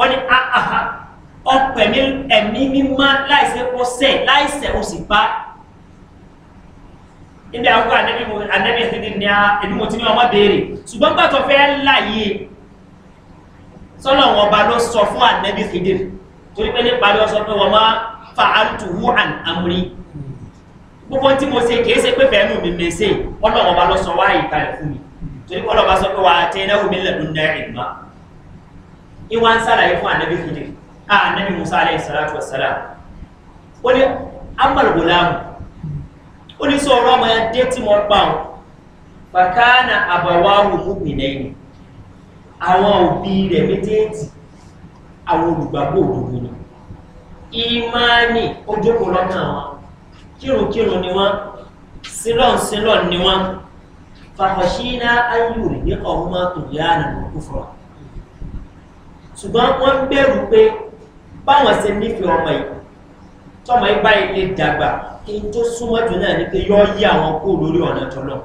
ó ní àhà ọpẹ̀ ẹ̀mí mímá láìsẹ̀ ọsẹ̀ láìsẹ̀ ó sì bá ilé àwọn anẹ́bí ẹ̀sìndì ní ẹ̀mí mo ti ní ọmọ béèrè ṣùgbọ́n gbàtọ̀ fẹ́ láàyè sọ́lọ̀ wọn ba ló sọ fún anẹ́bí ẹ̀sìndì torí pé nípa ló sọ pé wọ́n máa fa àtúwú àmúrí gbogbo tí mo ṣe kìí ṣe pé fẹ́ẹ́nù mi mi ṣe ọlọ́run ọba lọ sọ wá ìkalẹ̀ fún mi torí pé ọlọ́ba sọ pé wà á tẹ iná omi lẹ́dùn náà ìgbà ìwà ń sàlàyé fún anabi a anabi musa alayhi salatu wa salam ó ní amagolamu ó ní sọ ọ̀rọ̀ ọmọ yẹn dé tí mo pa ọ́ bàkánà àbáwáwò múpìnlẹ̀ ni àwọn òbí rẹ̀ méjèèjì àwọn olùgbàgbọ́ òdodo ni ìmáàní ojókòó lọ́kàn wọn kírunkírun ni wọ́n sílọ̀nsílọ̀n ni wọ́n fàfàṣínà ayúrì ní ọmọ tòyánà kúfọ̀ ṣùgbọ́n wọ́n bẹ̀rù pé báwọn ṣe nífẹ̀ẹ́ ọmọ yìí tọ́mọ yìí báyìí lè dàgbà kí n tó súnmọ́ jù náà ni pé yọ́ yí àwọn kó lórí ọ̀nà tọ́lọ́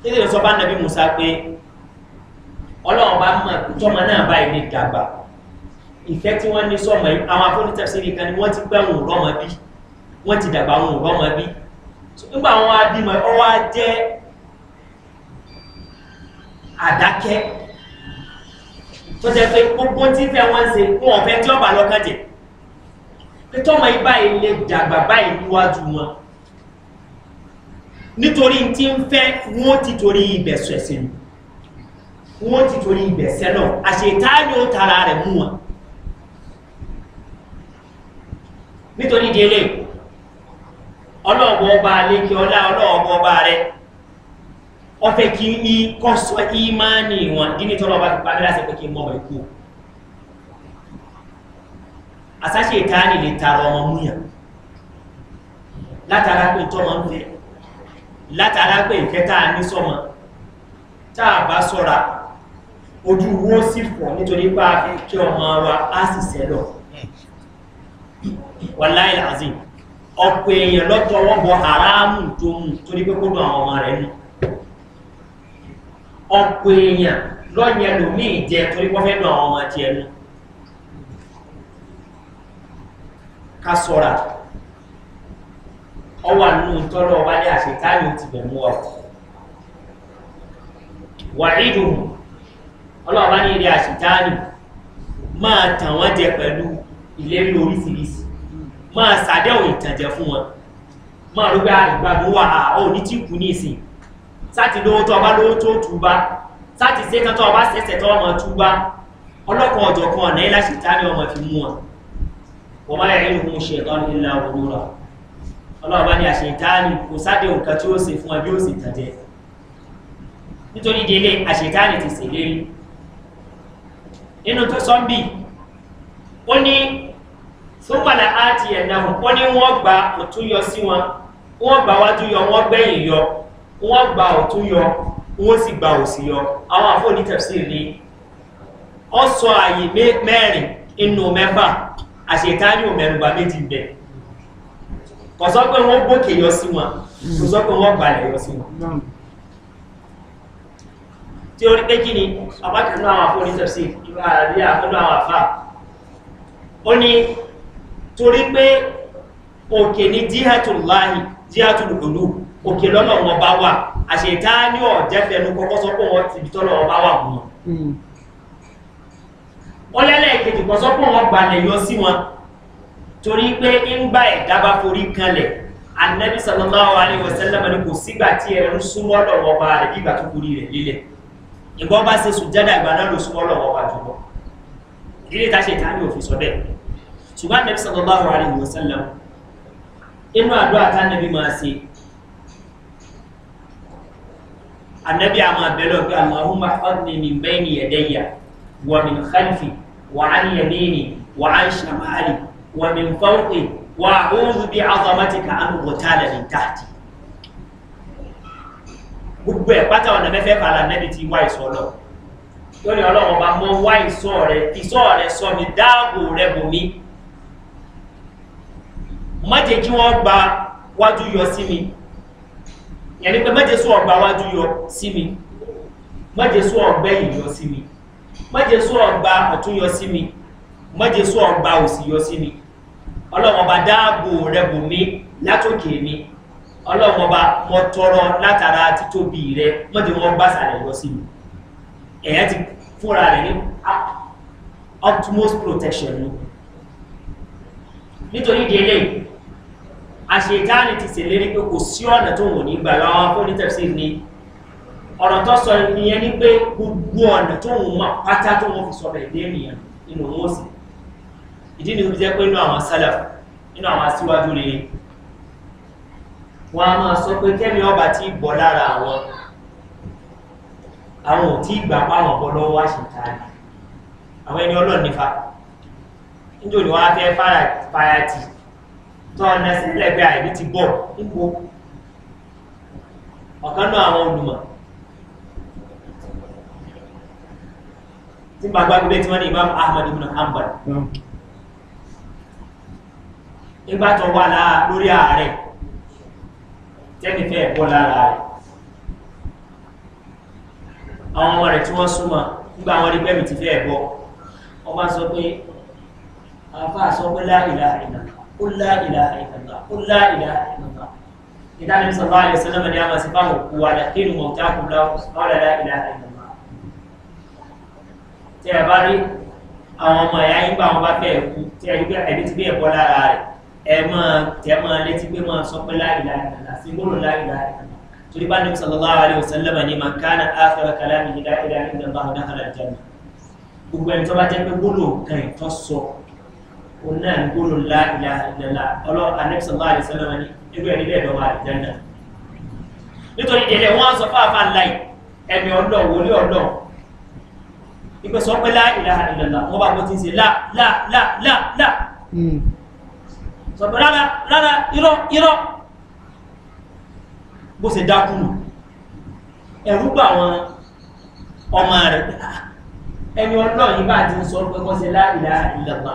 kí lè sọ bá nàbí musa pé ọlọ́run bá mọ̀ tọ́mọ náà báyìí lè dàgbà ìfẹ́ tí wọ́n ní sọ́mọ̀ yìí àwọn afọ́nítẹ̀sí nìkan ni wọ́n ti pẹ́ wọn rọ́mọ bí wọ́n ti dàgbà wọn rọ́mọ bí nígbà wọn abímọ ọwọ́ á jẹ́ àdákẹ́ tó jẹ́ pé gbogbo tí fẹ́ wọ́n ṣe wọn ọ̀fẹ́ tí ọba lọ́kàn jẹ́ pé tọ́mọ yìí báyìí lè dàgbà báyìí níwájú wọn nítorí tí ń fẹ́ wọ́n ti torí ibẹ̀ sẹ̀sìn wọ́n ti torí ibẹ̀ sẹ́nà àṣetáyọ̀ tara rẹ̀ mú wọn. nítorí di eléyìí ọlọ́ọ̀bọ̀ ọba lékè ọlá ọlọ́ọ̀bọ̀ ọba rẹ ọfẹ́ kí ní kọ́sọ́ ìmánì wọn dí nítorí ọba ti parí láti pé kí n mọ̀ ikú àsáṣe ìtaánì lè tara ọmọ múyàn látara pé tọ́mọ ń fẹ́ látara pé ìfẹ́ ní sọ́mọ tá a bá sọ́ra ojú wo sì fọ̀ nítorí pé a fi kí ọmọ wa á sì sẹ́lọ̀ wàláì làzim ọ̀pọ̀ èèyàn lọ́tọ̀ wọ́n bọ haramu tó mú torí pé kó dùn àwọn ọmọ rẹ̀ nù ọ̀pọ̀ èèyàn lọ́yẹ̀ lòmíì jẹ torí pé fẹ́ dùn àwọn ọmọ tiẹ̀ nù ká sọ̀ra ọwà nínú tọ́lọ̀ ọba ní àṣetáyò ti bẹ̀ mú ọ wàhídù ọlọ́ọ̀bá ní ilé àṣetáyò máa tàn jẹ pẹ̀lú ìlérí oríṣiríṣi máa sàdẹ́wò ìtànjẹ fún wọn máa rúgbà ìgbàdún wà ó ní tí kù ní ìsìn sáti lówó tó ọba lówó tó túbá sáti sétan tó ọba sẹsẹ tó ọmọ túbá ọlọ́kan ọ̀jọ̀ kan ọ̀nà ilá ṣètá ni ọmọ fi mú wọn wọ́n máa yẹ ìlú ṣe ẹ̀kọ́ nílá òwúrọ̀ ọlọ́ọ̀bá ni àṣetá ni kò sádẹ́ òǹkà tí ó ṣe fún ẹbí ó sì tàjẹ nítorí délé àṣetá ni ti ṣèlérí nínú tó sọ́ńbì ó ní súnmọ̀lá àti ẹ̀dá wọ́n ní wọ́n gba òtún yọ sí wọn wọ́n gba wájú yọ wọ́n gbẹ̀yìn yọ wọ́n gba òtún yọ wọ́n sì gba òsì yọ àwọn àfọ́ní tẹ̀sí rí ọ sọ àyè mẹ́rin inú mẹ́fà àṣetáni ò mẹ́rùngbà méjì bẹ̀ kò sọ pé wọ́n gbókè yọ sí wọn kò sọ pé wọ́n gbalẹ̀ yọ sí wọn hmm. tí ó rí pé kí ni abákẹ́nu àwọn àfọ́ní tẹ̀sí ìgbà àbí àfọ́nú àwọn àfà ó ní torí pé òkè ní díhàtùláhì díhàtùlùkùlù òkè lọ́nà wọn bá wà àṣetá ní ọ̀jẹ́fẹ̀ẹ́nu kọ́kọ́ sọ pé wọ́n ti bí tọ́lọ́ wọn bá wà wọn wọ́n lẹ́lẹ́kejì kan sọ pé wọ́n gbalẹ̀ yọ sí wọn torí pé ńgbà ẹ̀dá bá forí kanlẹ̀ anabi sallallahu alayhi wa sallam ni kò sígbà tí ẹ ń súnmọ́ lọ́wọ́ ọba rẹ̀ bí ìgbà tó forí rẹ̀ lílẹ̀ ìgbọ́n bá ṣe sùn jáde àgbà náà ló súnmọ́ lọ́wọ́ ọba jùlọ ìdílé ta ṣe ìtàn ní òfin sọ bẹ́ẹ̀ ṣùgbọ́n ànẹ́bí sallallahu alayhi wa sallam inú àdúrà tá ànẹ́bí máa ṣe ànẹ́bí àmọ́ àbẹ̀lẹ̀ ọ̀gbẹ́ àlọ́hùn máa fọ́nni mi bẹ́ẹ̀ ni ẹ̀dẹ́yà wọ́n mi kálífì wọ́n á ní ẹ̀mí wọ́n á ń ṣàmáàlì wọ́n mi fọ́nni wọ́n á ó rú bí azọmọ́tìkà á ń wọ̀tá lẹ́yìn táàtì gbogbo ẹ̀ pátá ọ̀nà mẹ́fẹ́ fàlà nẹ́bi ti wá ìsọ lọ lórí ọlọ́run ọba mọ́ wá ìsọ rẹ̀ ìsọ rẹ̀ sọ mi dáàbò rẹ̀ bò má jẹ́ kí wọ́n gba wájú yọ sí mi yẹn ni pé má jẹ́ sọ ọ̀gba wájú yọ sí mi má jẹ́ sọ ọ̀gbẹ́ yìí yọ sí mi má jẹ́ sọ ọ̀gba ọ̀tún yọ sí mi má jẹ́ sọ ọ̀gba òsì yọ sí mi ọlọ́run ọba dáàbò rẹ bò mí látòkè mi ọlọ́run ọba mọ tọrọ látara títóbi rẹ má jẹ́ wọ́n gbàsàlẹ̀ yọ sí mi ẹ̀yà ti fúnra rẹ̀ ní utmost protection ni nítorí ìdí eléyìí àṣetáni ti ṣèlérí pé kò sí ọ̀nà tó wò ní gbà láwọn afọ́nítẹ̀sí ni ọ̀rọ̀ tó sọ ìyẹn ni pé gbogbo ọ̀nà tó wò mọ̀ pátá tó wọ́n fi sọ bẹ̀rẹ̀ dé ènìyàn inú wọn sì ìdí ni ó jẹ́ pé inú àwọn sálà inú àwọn aṣíwájú rere wọn a máa sọ pé kẹ́mi ọba ti gbọ́ lára àwọn àwọn ò tí gbà páwọn bọ́ lọ́wọ́ àṣetáni àwọn ẹni ọlọ́ọ̀nífa níjò ni wọ́n á fẹ́ fáyàtì tó ọ̀nà sílẹ̀ pé àìní ti bọ̀ níbo ọ̀kan náà àwọn olùmọ̀ tí bàbá gbé tí wọ́n ní imam ahmed ibn hanbal hmm. nígbà tó wà láà lórí ààrẹ tẹ́nifẹ́ ẹ̀kọ́ lára rẹ̀ àwọn ọmọ rẹ̀ tí wọ́n súnmọ́ nígbà wọn rí bẹ́ẹ̀mì ti fẹ́ ẹ̀bọ́ ọmọ sọ pé àfáà sọ pé láìláìláà قل لا إله إلا الله قل لا إله إلا الله إذا النبي صلى الله عليه وسلم يا ما سبحانه ولقيل موتاكم له قال لا إله إلا الله تيباري àwọn ọmọ ẹ̀yà yín bá wọn bá fẹ́ ẹ̀kú tí ẹ̀rí ẹ̀rí ti gbé ẹ̀kọ́ lára rẹ̀ ẹ̀ máa tẹ́ máa létí pé máa sọ pé láì láì nàlá sí gbòòrò láì láì nàlá torí bá níbi sọlọ́lá wa aléwò sẹ́lẹ̀mà ní máa ká náà áfẹ́rẹ́ kalámi ní láì láì nàlá ọ̀dá àlàjẹ́ mi gbogbo ẹni tó bá jẹ́ pé gbòòrò kan ìtọ́ sọ òun náà ń gbónú ńlá ìlà ìlàlá ọlọ́run anẹ́sọ̀lá àdìsọ́lọ́mọ ní irú ẹni bẹ́ẹ̀ lọ́wọ́ àdìjẹ́ndà nítorí ìdílé wọn sọ fáfá láì ẹ̀mí ọ̀dọ̀ wòlé ọ̀dọ̀ ìpè sọ pé láì ìlà ìlàlá wọn bá kó ti ń ṣe láà láà láà láà láà sọ pé rárá rárá irọ́ irọ́ bó ṣe dákùnù ẹ̀rú gbà wọn ọmọ rẹ̀ ah, ẹ̀mí ọ̀dọ̀ yìí bá ti ń sọ pé kọ́ ṣe láì ìlà ìlàlá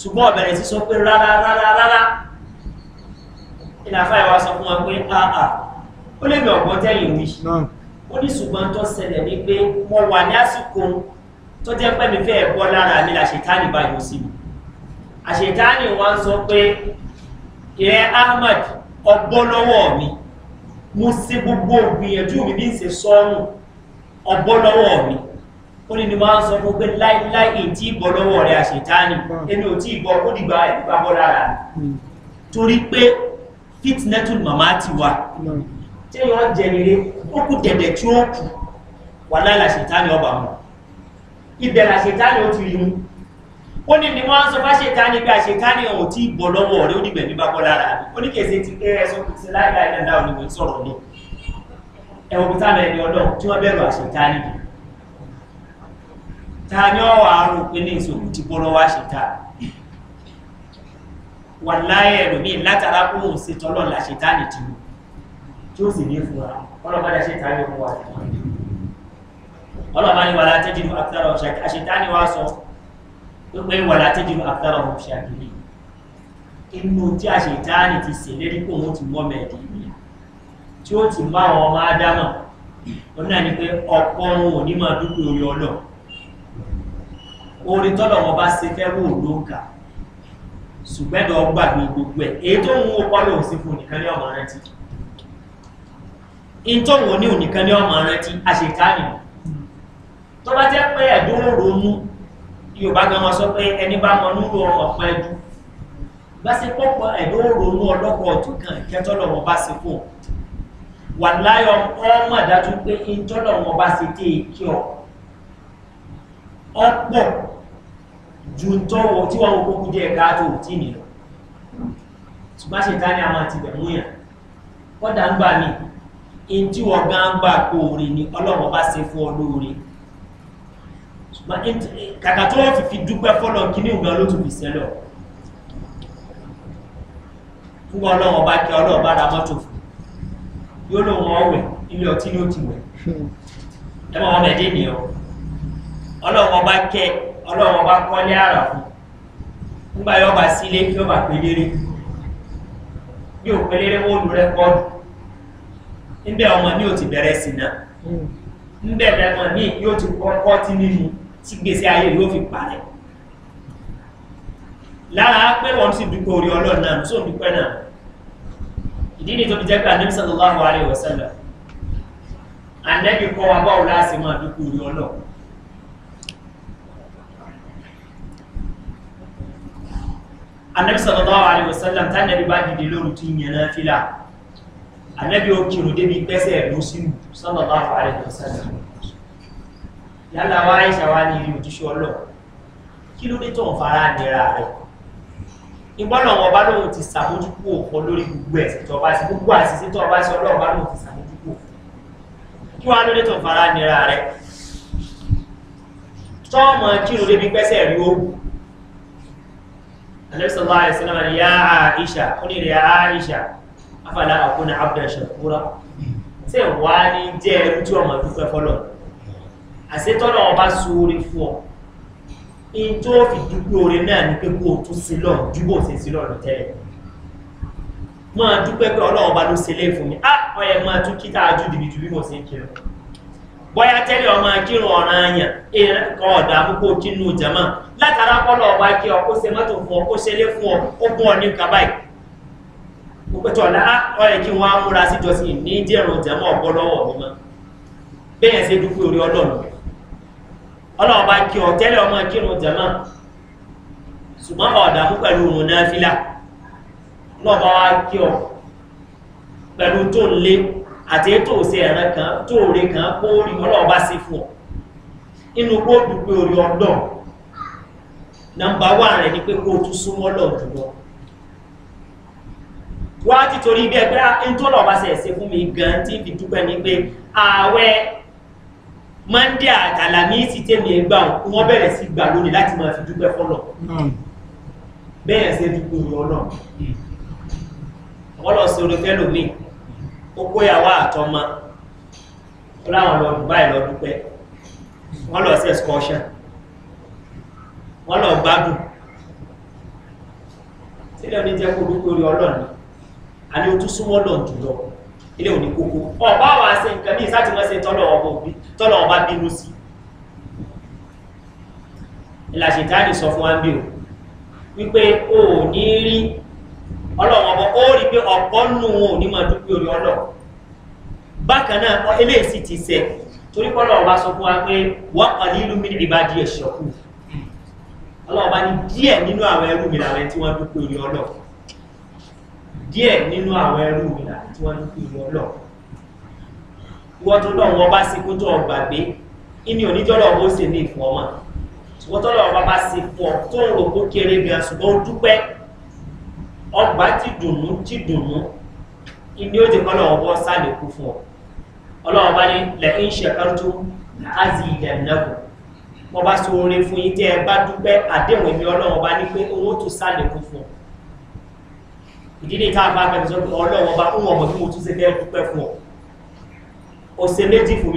ṣùgbọ́n ọ̀bẹ̀rẹ̀ sí sọ pé rárá rárá rárá ìlàfà ìwà sọ fún wọn pé àà ó lè mi ọ̀gbọ́n tẹ́yìn wí ó ní ṣùgbọ́n tó ṣẹlẹ̀ ní pé mo wà ní àsìkò tó jẹ́ pé mi fẹ́ bọ́ lára mi làṣetáni bá yọ sí mi àṣetáni wọn sọ pé ìrẹ́ ahmed ọgbọ́n lọ́wọ́ mi mo ṣe gbogbo ògbìyànjú mi bí ń ṣe sọ́ọ̀nù ọgbọ́n lọ́wọ́ mi ó ní ni wọ́n sọ fún pé láìláì ètí ìbọ̀ lọ́wọ́ rẹ̀ àṣetáni ẹni ò tí ìbọ̀ ó dìgbà ẹ̀dùgbà bọ́ lára hmm. torí pé fitnetul mama ti wà tí wọ́n jẹnire ó kú dẹ̀dẹ̀ tí ó kù wà láì ọba mọ̀ ibẹ̀ àṣetáni ó ti rí mú ó ní ni wọ́n sọ fáṣetáni pé àṣetáni ò tí ìbọ̀ lọ́wọ́ rẹ̀ ó dìgbà ẹ̀dùgbà bọ́ lára ó ní kèsè ti kẹ́ ẹ̀ sọ́kùn sí láìláì náà dáwọn ìwé sọ̀rọ̀ ni ẹ̀wọ̀n pítàlẹ̀ ẹni tí wọ́n bẹ̀rù àṣetáni ta ni ọ wà á rò pé ní ìṣòkú ti bọ́ lọ́wọ́ àṣetá wà láyé ẹlòmíì látara kó òun ṣe tọ́lọ̀ làṣetá ní tìlú tí ó sì ní fún wa ọlọ́pàá dá ṣetá ní fún wa ọlọ́pàá ní wàlá tẹ́jú àtàrà ọ̀ṣàkì àṣetá ní wàá sọ pé wàlá tẹ́jú àtàrà ọ̀ṣàkì yìí inú tí a ṣe ìtaáni ti sè lérí pé òun ti mọ́mẹ̀ ẹ̀dì ìrìn tí ó ti bá àwọn ọmọ ádámà ó náà ni pé ọ̀pọ̀ ohun ònímọ̀ dúpẹ́ orí ọlọ́ọ̀ orin tọ́lọ̀ wọn bá se fẹ́rù òdó kà ṣùgbẹ́dọ̀ gbàgbé gbogbo ẹ̀ èyí tó ń wo pọ́lọ̀ fún nìkan ní ọmọ rántí ìtọ́wò ní ní ọmọ rántí àṣetáni tó bá jẹ́ pé ronú yorùbá gan ma sọ pé ẹni bá mọ nínú ọ̀pọ̀ ẹdú bá se ronú ọlọ́pọ̀ bá se fún ọ wà pé ju tó tí wọ́n kó kú díẹ̀ káàtó tí nì lọ a máa ti bẹ̀rù yàn kọ́dà ń gbà mí in tí wọ́n gbà kó orin ni ọlọ́wọ́ bá ṣe fún ọ lóore kàkà tó wọ́n fi fi dúpẹ́ fọ́lọ́ ní ìgbà ló tún fi sẹ́lọ̀ ọlọ́wọ́ bá kí ni ó ti wẹ̀ ọlọ́wọ́ bá kọ́lé àrà fún nígbà yóò bá sílé kí ó bá pelére bí ò pelére ó lu rẹ́kọ́ọ̀dù níbẹ̀ ọmọ mi ò ti bẹ̀rẹ̀ sí náà níbẹ̀ ọmọ mi yóò ti kọ́kọ́ tí nínú tí gbèsè ayé yóò fi parẹ́ lára pé wọ́n ti dúpọ̀ orí ọlọ́run ni tó fi jẹ́ pé àdébí sọ́dọ̀ láwọn àríwọ̀sẹ́lẹ̀ àdébí kọ́ wa báwo anabi sallallahu alayhi wa sallam tá anabi bá dìde lóru tí ń yẹn náà fílà anabi ó kírun débi pẹ́sẹ̀ ló sínú sallallahu alayhi wa sallam yálà wá àìsà wá ní ilé òjíṣẹ́ ọlọ́ kí ló dé tó ń fara nira rẹ̀ ìgbọ́nà wọn bá lóun ti sàmójúkú òkan lórí gbogbo ẹ̀sìn tó bá sí gbogbo àṣìṣe tó bá sí ọlọ́run bá lóun ti sàmójúkú kí wá ló dé tó ń fara nira rẹ̀ tọ́ọ̀mù kírun débi pẹ́sẹ̀ rí ogun anẹ́sọ̀lá àìsànàmà ni yá àìṣà ó ní rẹ̀ àìṣà afàlà àkúnà abdul shakura tí ẹ̀ wá ní jẹ́ ẹrú tí ọmọ dúpẹ́ fọ́lọ̀ àṣetọ́lọ̀ ọba sóore fún ọ in tó fi dúpẹ́ oore náà ní pé kó o tún sí lọ ju bó ṣe sí lọ́rùn tẹ́lẹ̀ máa dúpẹ́ pé ọlọ́ọ̀ba ló ṣe lé fún mi á ah, ọyẹ máa tún kí tá a ju dìbìtì mo ṣe ń bọ́yá tẹ́lẹ̀ ọmọ akírun ọ̀ràn àyàn èèyàn kan ọ̀dà àkókò kínú jama látara kọ́lọ̀ ọba kí ọ kó se mọ́tò fún ọ kó se fún ọ ó gún ọ ní pẹ̀tọ̀ ọ̀la ah, kí wọ́n á múra síjọ ní jama ọ̀bọ lọ́wọ́ mi bẹ́ẹ̀ ṣe orí ọlọ́run ọba jama ṣùgbọ́n àti ètò òsè ẹ̀ràn kan tó òre kan kó rí ọlọ́ọ̀bá sí fún ọ inú kó dùpẹ́ orí ọdọ̀ nọmba wà rẹ̀ ni pé kó o tún súnmọ́ lọ jùlọ wá títorí bí ẹgbẹ́ ah, ntọ́lọ̀ bá ṣe ṣe fún mi gan tí fi dúpẹ́ ni pé ààwẹ̀ mọ́ndé àtàlàmísì tèmi ẹgbà wọn bẹ̀rẹ̀ sí gbà lónìí láti máa fi dúpẹ́ fọlọ̀ hmm. bẹ́ẹ̀ ṣe dúpẹ́ orí ọlọ́ ọlọ́sẹ̀ orí fẹ́lòmíì ó kó ìyàwó àtọmọ ó láwọn lọ dubai lọ dúpẹ́ wọ́n lọ sí excursion wọ́n lọ gbádùn sílẹ̀ ní jẹ́ kó dúpẹ́ orí ọlọ́ọ̀ni àní o tún súnmọ́ lọ́n jùlọ ilé òní kókó ọ̀pá wa ṣe nǹkan ní ìsáàtì wọ́n ṣe tọ́lọ̀ ọba òbí tọ́lọ̀ ọba bínú sí ìlàṣẹ̀tà ní sọ fún wa ń bí o wípé o ní rí ọlọ́wọ́n ọbọ̀ ó rí pé ọ̀pọ̀ nù wọn ò ní máa dúpẹ́ orí ọlọ́ bákan náà eléyìí sì ti sẹ̀ torí pé ọlọ́wọ́ bá sọ fún wa pé wọ́n kàn ní ìlú mi ìbá díẹ̀ ṣọ̀kù ọlọ́wọ́ bá ní díẹ̀ nínú àwọn ẹrú mi làwọn tí wọ́n dúpẹ́ orí ọlọ́ díẹ̀ nínú àwọn ẹrú mi làwọn tí wọ́n dúpẹ́ orí ọlọ́ wọ́n tó lọ́wọ́ bá sí kó tó ọgbàgbé inú oníjọ́lọ́ ó sì ní ìfún ọmọ wọ́n tó lọ́wọ́ bá sí fún ọ tó ń rò kó kéré gan ṣùgbọ́n ó dúpẹ́ ọgbà ti dùnú ti dùnú ilé ó ti kọ́ lọ́wọ́ bọ́ sáàlì kú fún ọ ọlọ́wọ́ bá ní lẹ́yìn ṣẹ̀kọ́tún láti ilẹ̀ nẹ́kù wọ́n bá so orin fún yín tẹ́ ẹ bá dúpẹ́ àdéhùn ìbí ọlọ́wọ́ bá ní pé owó tún sáàlì kú fún ọ ìdí ní táwọn bá fẹ́ sọ pé ọlọ́wọ́ bá o ṣe méjì fún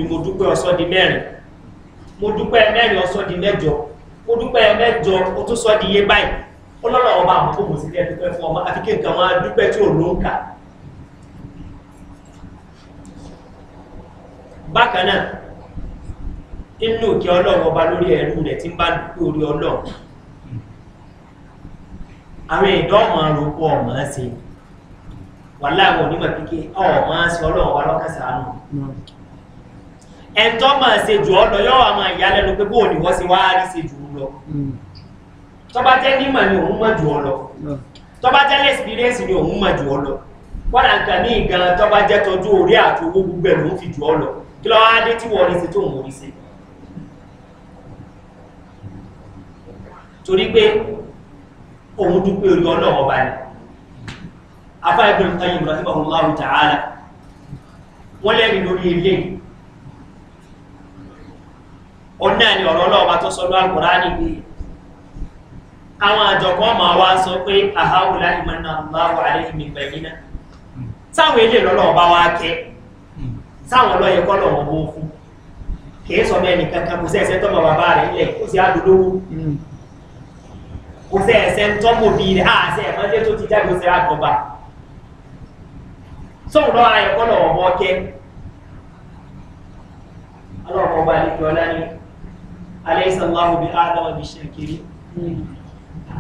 o tún sọ di iye ó lọ́rọ̀ ọba àwọn tó mọ̀ sí kẹ́ dúpẹ́ fún ọmọ àfi kí nǹkan máa dúpẹ́ tí ò ló ń kà bákan náà inú kí ọlọ́run ọba lórí ẹ̀rú rẹ̀ ti ń bá dúpẹ́ orí ọlọ́run àwọn ìdánmọ̀ rògbò ọmọ ṣe wà láwọn onímọ̀ kíkẹ́ ọmọ ṣe ọlọ́run wa lọ́kàsánù ẹ̀ńtọ́ máa ṣe jù ọ lọ yọ́ àwọn ìyálẹ́nu pé bóòlù wọ́n ṣe wá rí ṣe jù ú lọ tọ́ba jẹ́ nímọ̀ ni òun mọ̀ jù ọ lọ hmm. tọ́ba jẹ́ lẹ́sìpírẹ́sì ni òun mọ̀ jù ọ lọ wọ́n àǹkà ní ìgan tọ́ba jẹ́ tọ́jú orí àti owó gbogbo ẹ̀ lòun fi jù ọ lọ kí lọ́wọ́ adé tí wọ́n rí sí tó ń wọ́n rí sí torí pé òun dúpẹ́ orí ọlọ́wọ́ bá ní afá ìbìnrin kan yìí rọ̀sí ọ̀hún láwùí tààlà wọ́n lẹ́rìn lórí ilé ọ̀nà ni ọ̀rọ̀ ọlọ́wọ́ bá tó sọ́dọ̀ àkùrá nígbè àwọn àjọ̀kọ́ máa wá sọ pé àháwù láì máa náà bá wà lẹ́yìn mi pẹ̀lú náà sáwọn ilé lọ́lọ́ bá wá kẹ́ hmm. sáwọn ọlọ́yẹ kọ́ lọ́wọ́ bó fún kìí sọ bẹ́ẹ̀ nìkan kan kò sẹ́ ẹsẹ̀ tọ́mọ bàbá rẹ̀ ilẹ̀ kò sí àdúlówó hmm. kò sẹ́ ẹsẹ̀ tọ́mọ bí rẹ̀ á sẹ́ ẹ̀mọ́lẹ́ tó ti jáde kò sẹ́ àgbọ̀bà sọ́hùn lọ́wọ́ ayẹ kọ́ lọ́wọ́ bọ́ kẹ́ ọlọ́wọ́ bá ní kí ọlá alẹ́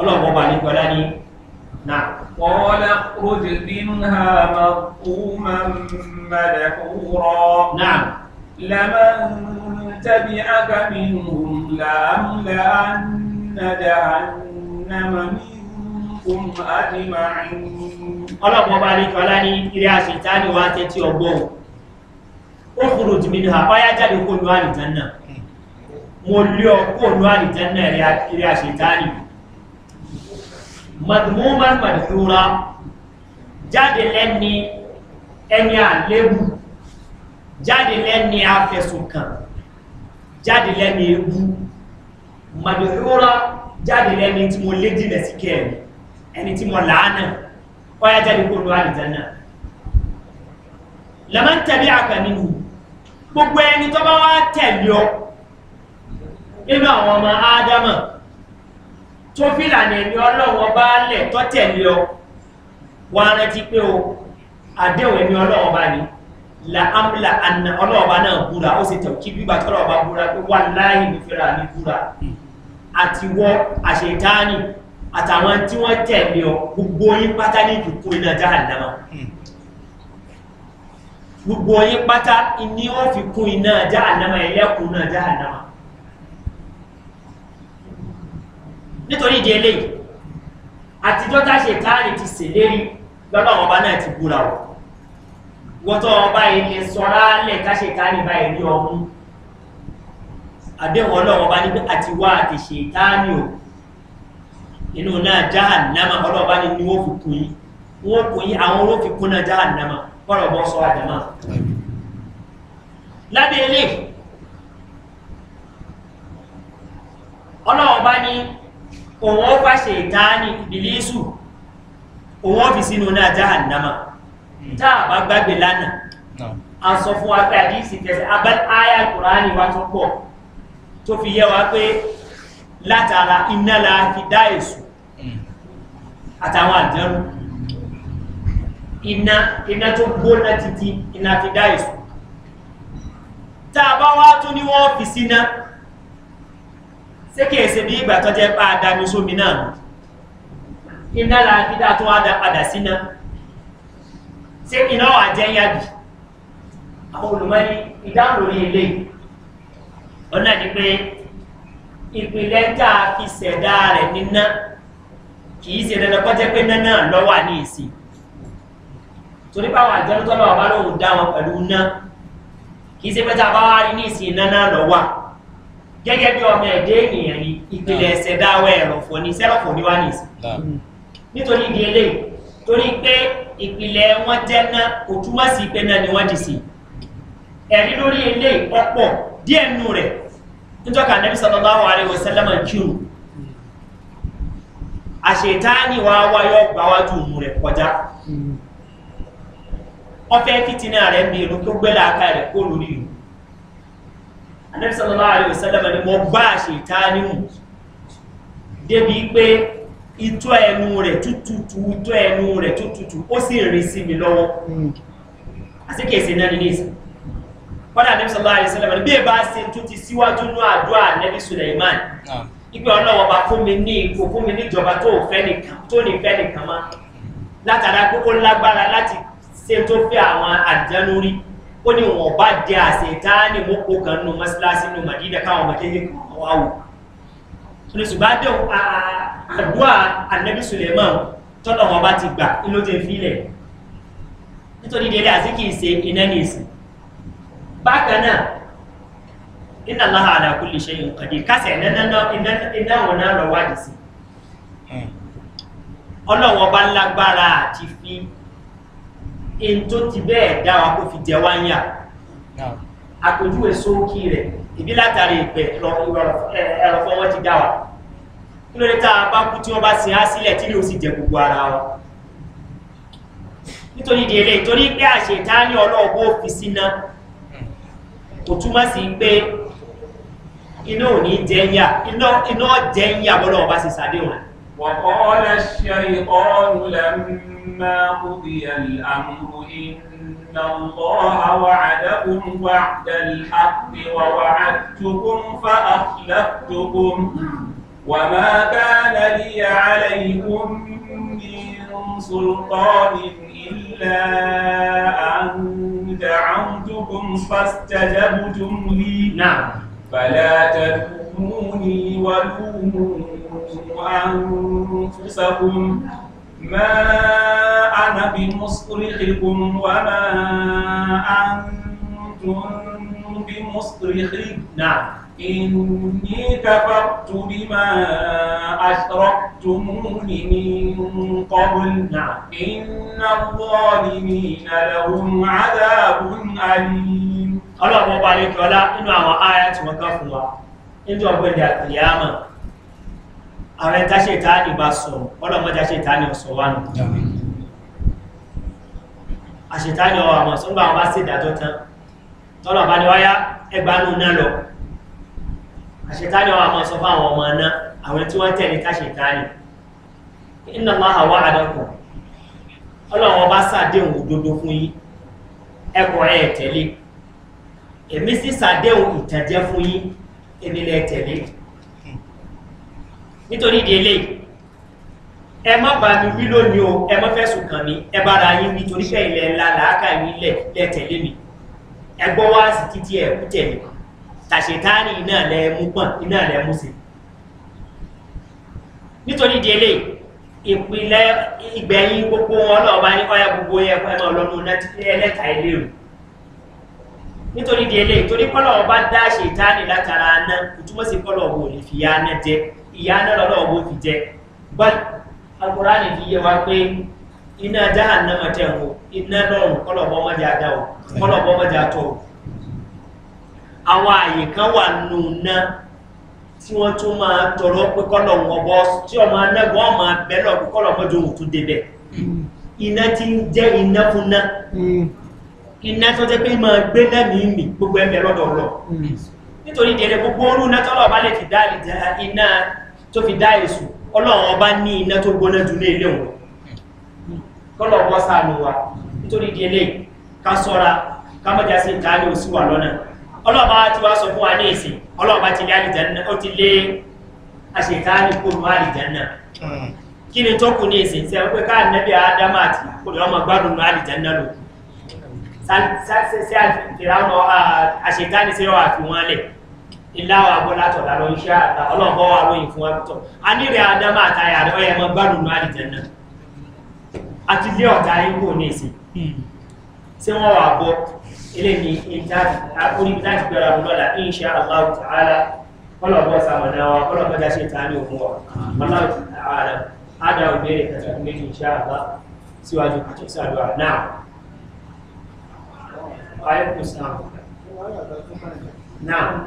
ọlọ́pọ̀ bá ní pẹ̀lá ní náà wọ́lá rọ́jì nínú ha ma kúmà mẹ́rẹ̀ kúrọ̀ náà lẹ́mọ̀ tẹ́bí aka minhum láàmúlẹ̀ annada annama minkum ajima'in ọlọ́pọ̀ bá ní pẹ̀lá ní ilé àṣìta ni wá tẹ́tí ọgbọ́n ó kúrò jìmínú ha hmm. mo lé ọkọ̀ lọ́wọ́ àrìtán náà rí àṣìta nìyí madmuman madhura jáde lẹ́ni ẹni àlébù jáde lẹ́ni afẹ̀sùnkàn jáde lẹ́ni ewu madhura jáde lẹ́ni tí mo lé jìnà sí kẹ́ẹ̀mí ẹni tí mo làánà ọya jáde kó lu àlìjánà lẹ́mọ́ tẹ̀lé àkànnìyàn gbogbo ẹni tó wá tẹ̀lé ọ nínú àwọn ọmọ ádámà tó fìlànà ẹ̀mí ọlọ́wọ́ bá lẹ̀ tọ́tẹ̀lé ọ wà rántí pé o àdéhùn ẹ̀mí ọlọ́wọ́ bá ní làámìlà àna ọlọ́ọ̀bá náà búra ó sì tẹ̀kí gbígbà tọ́lọ́ọ̀bá búra pé wà láàyè ní fẹ́ra ní búra àti wọ́ àṣetáni àtàwọn tí wọ́n tẹ̀lé ọ gbogbo yín pátá ní ìdùkú iná jáhàndámà gbogbo yín pátá ní ó fi kún iná jáhàndámà ẹlẹ́kùn náà jáhàndámà nítorí ìdí eléyìí àtijọ́ tá ṣe táàrí ti ṣèlérí lọ́dọ̀ ọba náà ti búra wọ̀ wọ́tọ̀ ọba ilé sọ́ra lẹ̀ tá ṣe táàrí báyìí ní ọmú àdéhùn ọlọ́run ọba ní pé àti wá àti ṣe táàrí o inú náà jáhàn náà ọlọ́run ọba ní ni wọ́n fi kún yín wọ́n kún yín àwọn olóò fi kún náà jáhàn náà kọ́rọ̀ bọ́ sọ àjàmá lábẹ́ eléyìí ọlọ́run ọba òun ó fàṣẹ ìtaani ìbílísù òun ó fi sínú náà jahannama tá a bá gbàgbé lánàá a sọ fún wa pé àdísì tẹ̀sẹ̀ abẹ́lẹ́ àyà kùránì wa tó pọ̀ tó fi yẹ wa pé látara iná la fi dá èsù mm. àtàwọn àdánù iná iná tó gbóná títí iná fi dá èsù tá a bá wá tó ní wọ́n fi síná ṣé kìí ṣe bí ìgbà tó jẹ́ pa adami sómi náà iná la fi dá tó wá padà sí náà ṣé iná wà jẹ́ yàbí àwọn olùmọ́ni ìdáhùn lórí eléyìí ọ̀nà ni pé ìpìlẹ̀ tá a fi ṣẹ̀dá rẹ̀ níná kìí ṣe dandan kọ́ jẹ́ pé náná lọ́wọ́ ní ìsìn torí báwọn àjọ́lótọ́lọ́wọ́ bá lóun dá wọn pẹ̀lú náà kìí ṣe pé tá bá wá rí ní ìsìn náná lọ́wọ́ gẹ́gẹ́ bí ọmọ ẹ̀dẹ́ ènìyàn ni ìpìlẹ̀ ẹ̀sẹ̀ dáwọ́ ẹ̀rọ̀fọ̀ ni sẹ́rọ̀fọ̀ ni wà ní ìsìn nítorí ìdí eléyìí torí pé ìpìlẹ̀ wọn jẹ́ náà kò túmọ̀ sí pé náà ni wọ́n dì sí ẹ̀rí lórí eléyìí ọ̀pọ̀ díẹ̀ nù rẹ̀ nítorí kànábì sọ̀tọ̀ bá wà rẹ̀ sẹ́lẹ̀mọ̀ kírù àṣetáni wa wáyọ̀ gbáwájú mú rẹ̀ kọjá ọfẹ́ hmm. fìtínà rẹ̀ mi èrò tó gbẹ́lá aká rẹ̀ kó lórí ìlú anabi sallallahu alayhi wa sallam ni mo gbá àṣetá nímú débi pé itọ́ ẹnu rẹ̀ tútùtù itọ́ ẹnu rẹ̀ tútùtù ó sì rìn sí mi lọ́wọ́ hmm. àti kèsì náà ní ìsìn kọ́dà anabi sallallahu alayhi wa sallam ni bí ẹ bá ṣe tó ti síwájú ní àdúrà anabi suleiman ipe ah. ọlọ́wọ́ bá fún mi ní látara pé lágbára láti ṣe tó fẹ́ àwọn àjẹnú rí ó ní wọn bá dé àṣetáni mọ́kò kan nù mọ́síláṣí nù màdídà káwọn ọmọ kéèké kan wá wò tó ní ṣùgbọ́n dé àdúrà anabi suleiman tọ́nà wọn bá ti gbà inú ti fi lẹ̀ nítorí délé àti kìí ṣe iná ní ìsìn bákan náà iná láha àdàkú lè ṣe nǹkan dé kásẹ̀ iná wọn náà lọ wádìí sí hmm. ọlọ́wọ́n bá lágbára àti fi in tó ti bẹ́ẹ̀ dá wa kó fi jẹ wá ń yà àpèjúwe sókí rẹ̀ ìbí látàrí ìpẹ́ ẹ̀rọ fọwọ́ ti dá wa kí ló dé tá a bá kú tí wọ́n bá sin á sílẹ̀ tí ló sì jẹ gbogbo ara wa nítorí ìdí eléyìí torí pé àṣẹ ìtaní ọlọ́ọ̀gbọ́ fi síná kò túmọ̀ sí pé iná ò ní jẹ́ ń yà iná jẹ́ ń yà sàdéhùn. مما قضي الأمر إن الله وعدكم وعد الحق ووعدتكم فأخلفتكم وما كان لي عليكم من سلطان إلا أن دعوتكم فاستجبتم لي نعم فلا تلوموني ولوموا أنفسكم ما أنا بمصرخكم وما أنتم بمصرخي نعم إني كفرت بما أشركتمون من قبل نعم إن الظالمين لهم عذاب أليم الله أكبر عليك ولا إنما آيات وكفوا إنتوا يا قيامة àwọn ẹ̀ta ṣe ìtaàní bá sọ ọlọ́mọdé aṣètaàní ọ̀sọ̀ wà nù aṣètaàní ọwọ́ àmọ̀ sọ́gbà wọn bá sí ìdájọ́ tán tọ́lọ̀ bá ní wáyá ẹgbàánú náà lọ aṣètaàní ọwọ́ àmọ̀ sọ fáwọn ọmọ náà àwọn tí wọ́n tẹ̀lé káṣètaàní iná máa hà wá àdọ́kọ̀ ọlọ́wọ́ bá sàdéhùn òdodo fún yí ẹkọ̀ ẹ̀ tẹ̀lé èmi sì sàdéhùn ìtàjẹ́ fún yí èmi lẹ́ tẹ̀lé nítorí ìdí eléyìí ẹ má bá mi wí lónìí o ẹ má fẹ̀sùn kàn mí ẹ bá ra yín nítorí fẹ́ ilẹ̀ ńlá làákà yín lẹ̀ lẹ̀ tẹ̀lé mi ẹ gbọ́ wá sí títí ẹ̀ kú tẹ̀lé tàṣetáàní iná lẹ mú pọ̀n iná lẹ mú sí. nítorí délé ìpìlẹ̀ ìgbẹ̀yìn gbogbo wọn náà bá ní ọyá gbogbo yẹ kọ́ ẹ máa lọ́nu ẹlẹ́ta ilé rù nítorí délé torí kọ́lọ̀ ọba dá ṣètáàní látara náà ìtumọ̀ sí kọ́lọ̀ wò lè fi yá náà jẹ́ ìyá náà lọ́wọ́ owó but alukóraní fi yé wa pé iná jahan náà tẹ̀ o iná lọ́rùn kọ́lọ̀bọ́ mọ́jà dá o kọ́lọ̀bọ́ mọ́jà tọ̀ o àwọn wà nù náà tí wọ́n tún tọrọ pé kọ́lọ̀ wọn bọ́ tí pé kọ́lọ̀ tún débẹ̀ iná tí ń jẹ́ iná fún iná tó jẹ́ pé gbé mi gbogbo lọ́dọ̀ hmm. nítorí ìdẹ̀rẹ̀ gbogbo orú náà tọ́lọ̀ bá lè dá ìdá iná tó fi dá èsù ọlọ́run ọba ní iná tó gbóná jù ní ilé wọn kọ́lọ̀ wọ́n sáàlù wa nítorí di ilé ká sọ́ra ká mọ́já sí ìtàlẹ̀ òsì wà lọ́nà ọlọ́ọ̀bá ti wá sọ fún wa ní ìsìn ọlọ́ọ̀bá ti lé àlìjánná ó ti lé àṣetàlẹ̀ kóru àlìjánná kí ni tó kù ní ìsìn tí a pé ká nẹ́bí ádámà àti olùwọ́mọ gbádùn ní àlìjánná lò ṣe àṣetàlẹ̀ sí wà fi lẹ̀ ìláwọ̀ abọ́látọ̀ lálọ́ iṣẹ́ àtà ọlọ́gbọ́ wà lóyìn fún wákútọ̀ a nílẹ̀ adama àtàyà rẹ̀ ọyẹ mọ́ gbádùn ní àdìjẹ́nà àti ilé ọ̀tá ikú ní ìsìn tí wọ́n wà bọ́ ilé ní oríbítájì gbẹ̀rẹ̀ lọ́la iṣẹ́ aláwọ̀ tààlà ọlọ́gbọ́ sàmọ̀dáwà ọlọ́gbọ́ dáṣẹ́ ìtàní òkun wà aláwọ̀ tààlà ádá òbèrè نعم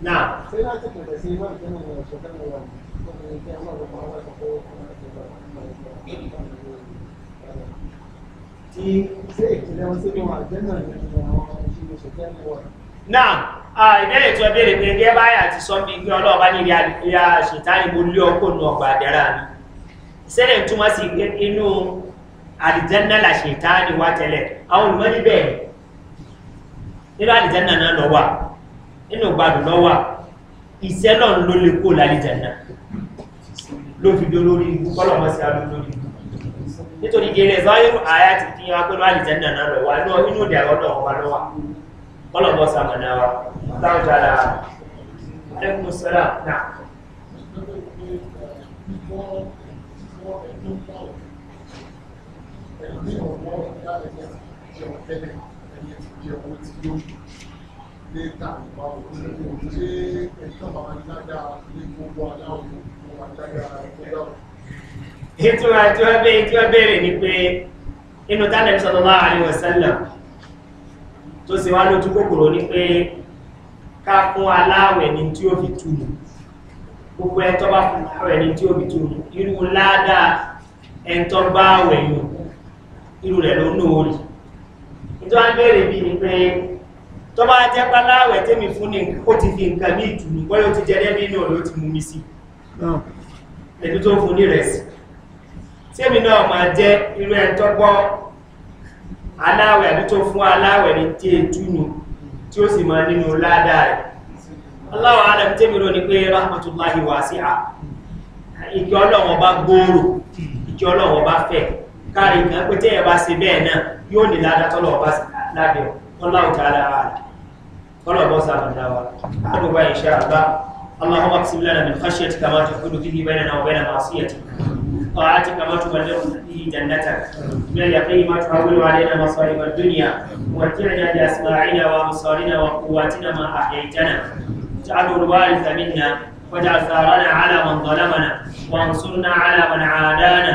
نعم náà ìbéèrè tó béèrè pé gẹ́gẹ́ báyà ti sọ bí gbé ọlọ́ọ̀bá ní ìyá ṣètáyì mo lé ọkọ̀ nù ọgbà àdára mi sẹ́lẹ̀ túnmọ́ sí inú àdìjẹ́ náà là ṣètáyì wá tẹ́lẹ̀ àwọn olùmọ́ níbẹ̀ nínú àlìjánà náà lọ wà nínú gbàdùn lọ wà ìṣẹ́ náà ló lè kó lálìjánà ló fi dó lórí ikú kọ́lọ̀ mọ́ sí alú lórí ikú nítorí gẹ́lẹ́ zọ́yìnrún àyà ti fi hàn pé nínú àlìjánà náà lọ wà inú ìdàrọ́ náà wà lọ́wà kọ́lọ̀ mọ́ sí àmàna wa táwọn jára alẹ́kùn sọ́lá náà. Thank you jẹ owó tí yóò lé tàbí bá wò ó ṣe ẹ̀ka bàbá ní dáadáa ní gbogbo aláwọ̀ gbogbo aláwọ̀ gbogbo. ètò àti ẹgbẹ́ ètò ẹgbẹ́rẹ̀ ni pé inú tálẹ̀ sọ̀rọ̀ máa àríwọ̀ sẹ́lẹ̀ tó sì wá lójú kòkòrò ni pé ká fún aláwẹ̀ ní tí ó fi túlù gbogbo ẹ̀tọ́ bá fún aláwẹ̀ ní tí ó fi túlù irú ládàá ẹ̀tọ́ bá wẹ̀ yòó irú rẹ̀ ló ń lò ó rí ìjọ abẹ́rẹ̀ bí ni pé tó bá jẹ́ páláwẹ̀ tẹ́mi fún ní ó ti fi nǹkan ní ìtùnú bọ́yọ́ ti jẹ́ dẹ́bí náà ló ti mú mi sí ẹ̀dú tó fún ní rẹ̀sì tẹ́mi náà máa jẹ́ irú ẹ̀ tọ́gbọ́ aláwẹ̀ àbí tó fún aláwẹ̀ ní tí ètùnú tí ó sì máa nínú ládàá rẹ̀ aláwọ̀ alẹ́ tẹ́mi rò ní pé rahmatulahi wàásíà ìkẹ́ ọlọ́wọ́ bá gbòòrò ìkẹ́ ọlọ́wọ́ bá fẹ́ẹ̀ káàrí kan pé tí ẹ bá ṣe bẹ́ẹ̀ náà yóò ní ládàá tọ́lọ̀ ọba lábẹ́ ọ tọ́lá òtá ara rà tọ́lọ̀ ọba sàmàdà wa àdùgbà ìṣe àbá اللهم اقسم لنا من خشيتك ما تحول به بيننا وبين معصيتك طاعتك ما تبلغنا به جنتك من اليقين ما تحول علينا مصائب الدنيا ومتعنا باسماعنا وابصارنا وقواتنا ما احييتنا اجعله الوارث منا واجعل ثارنا على من ظلمنا وانصرنا على من عادانا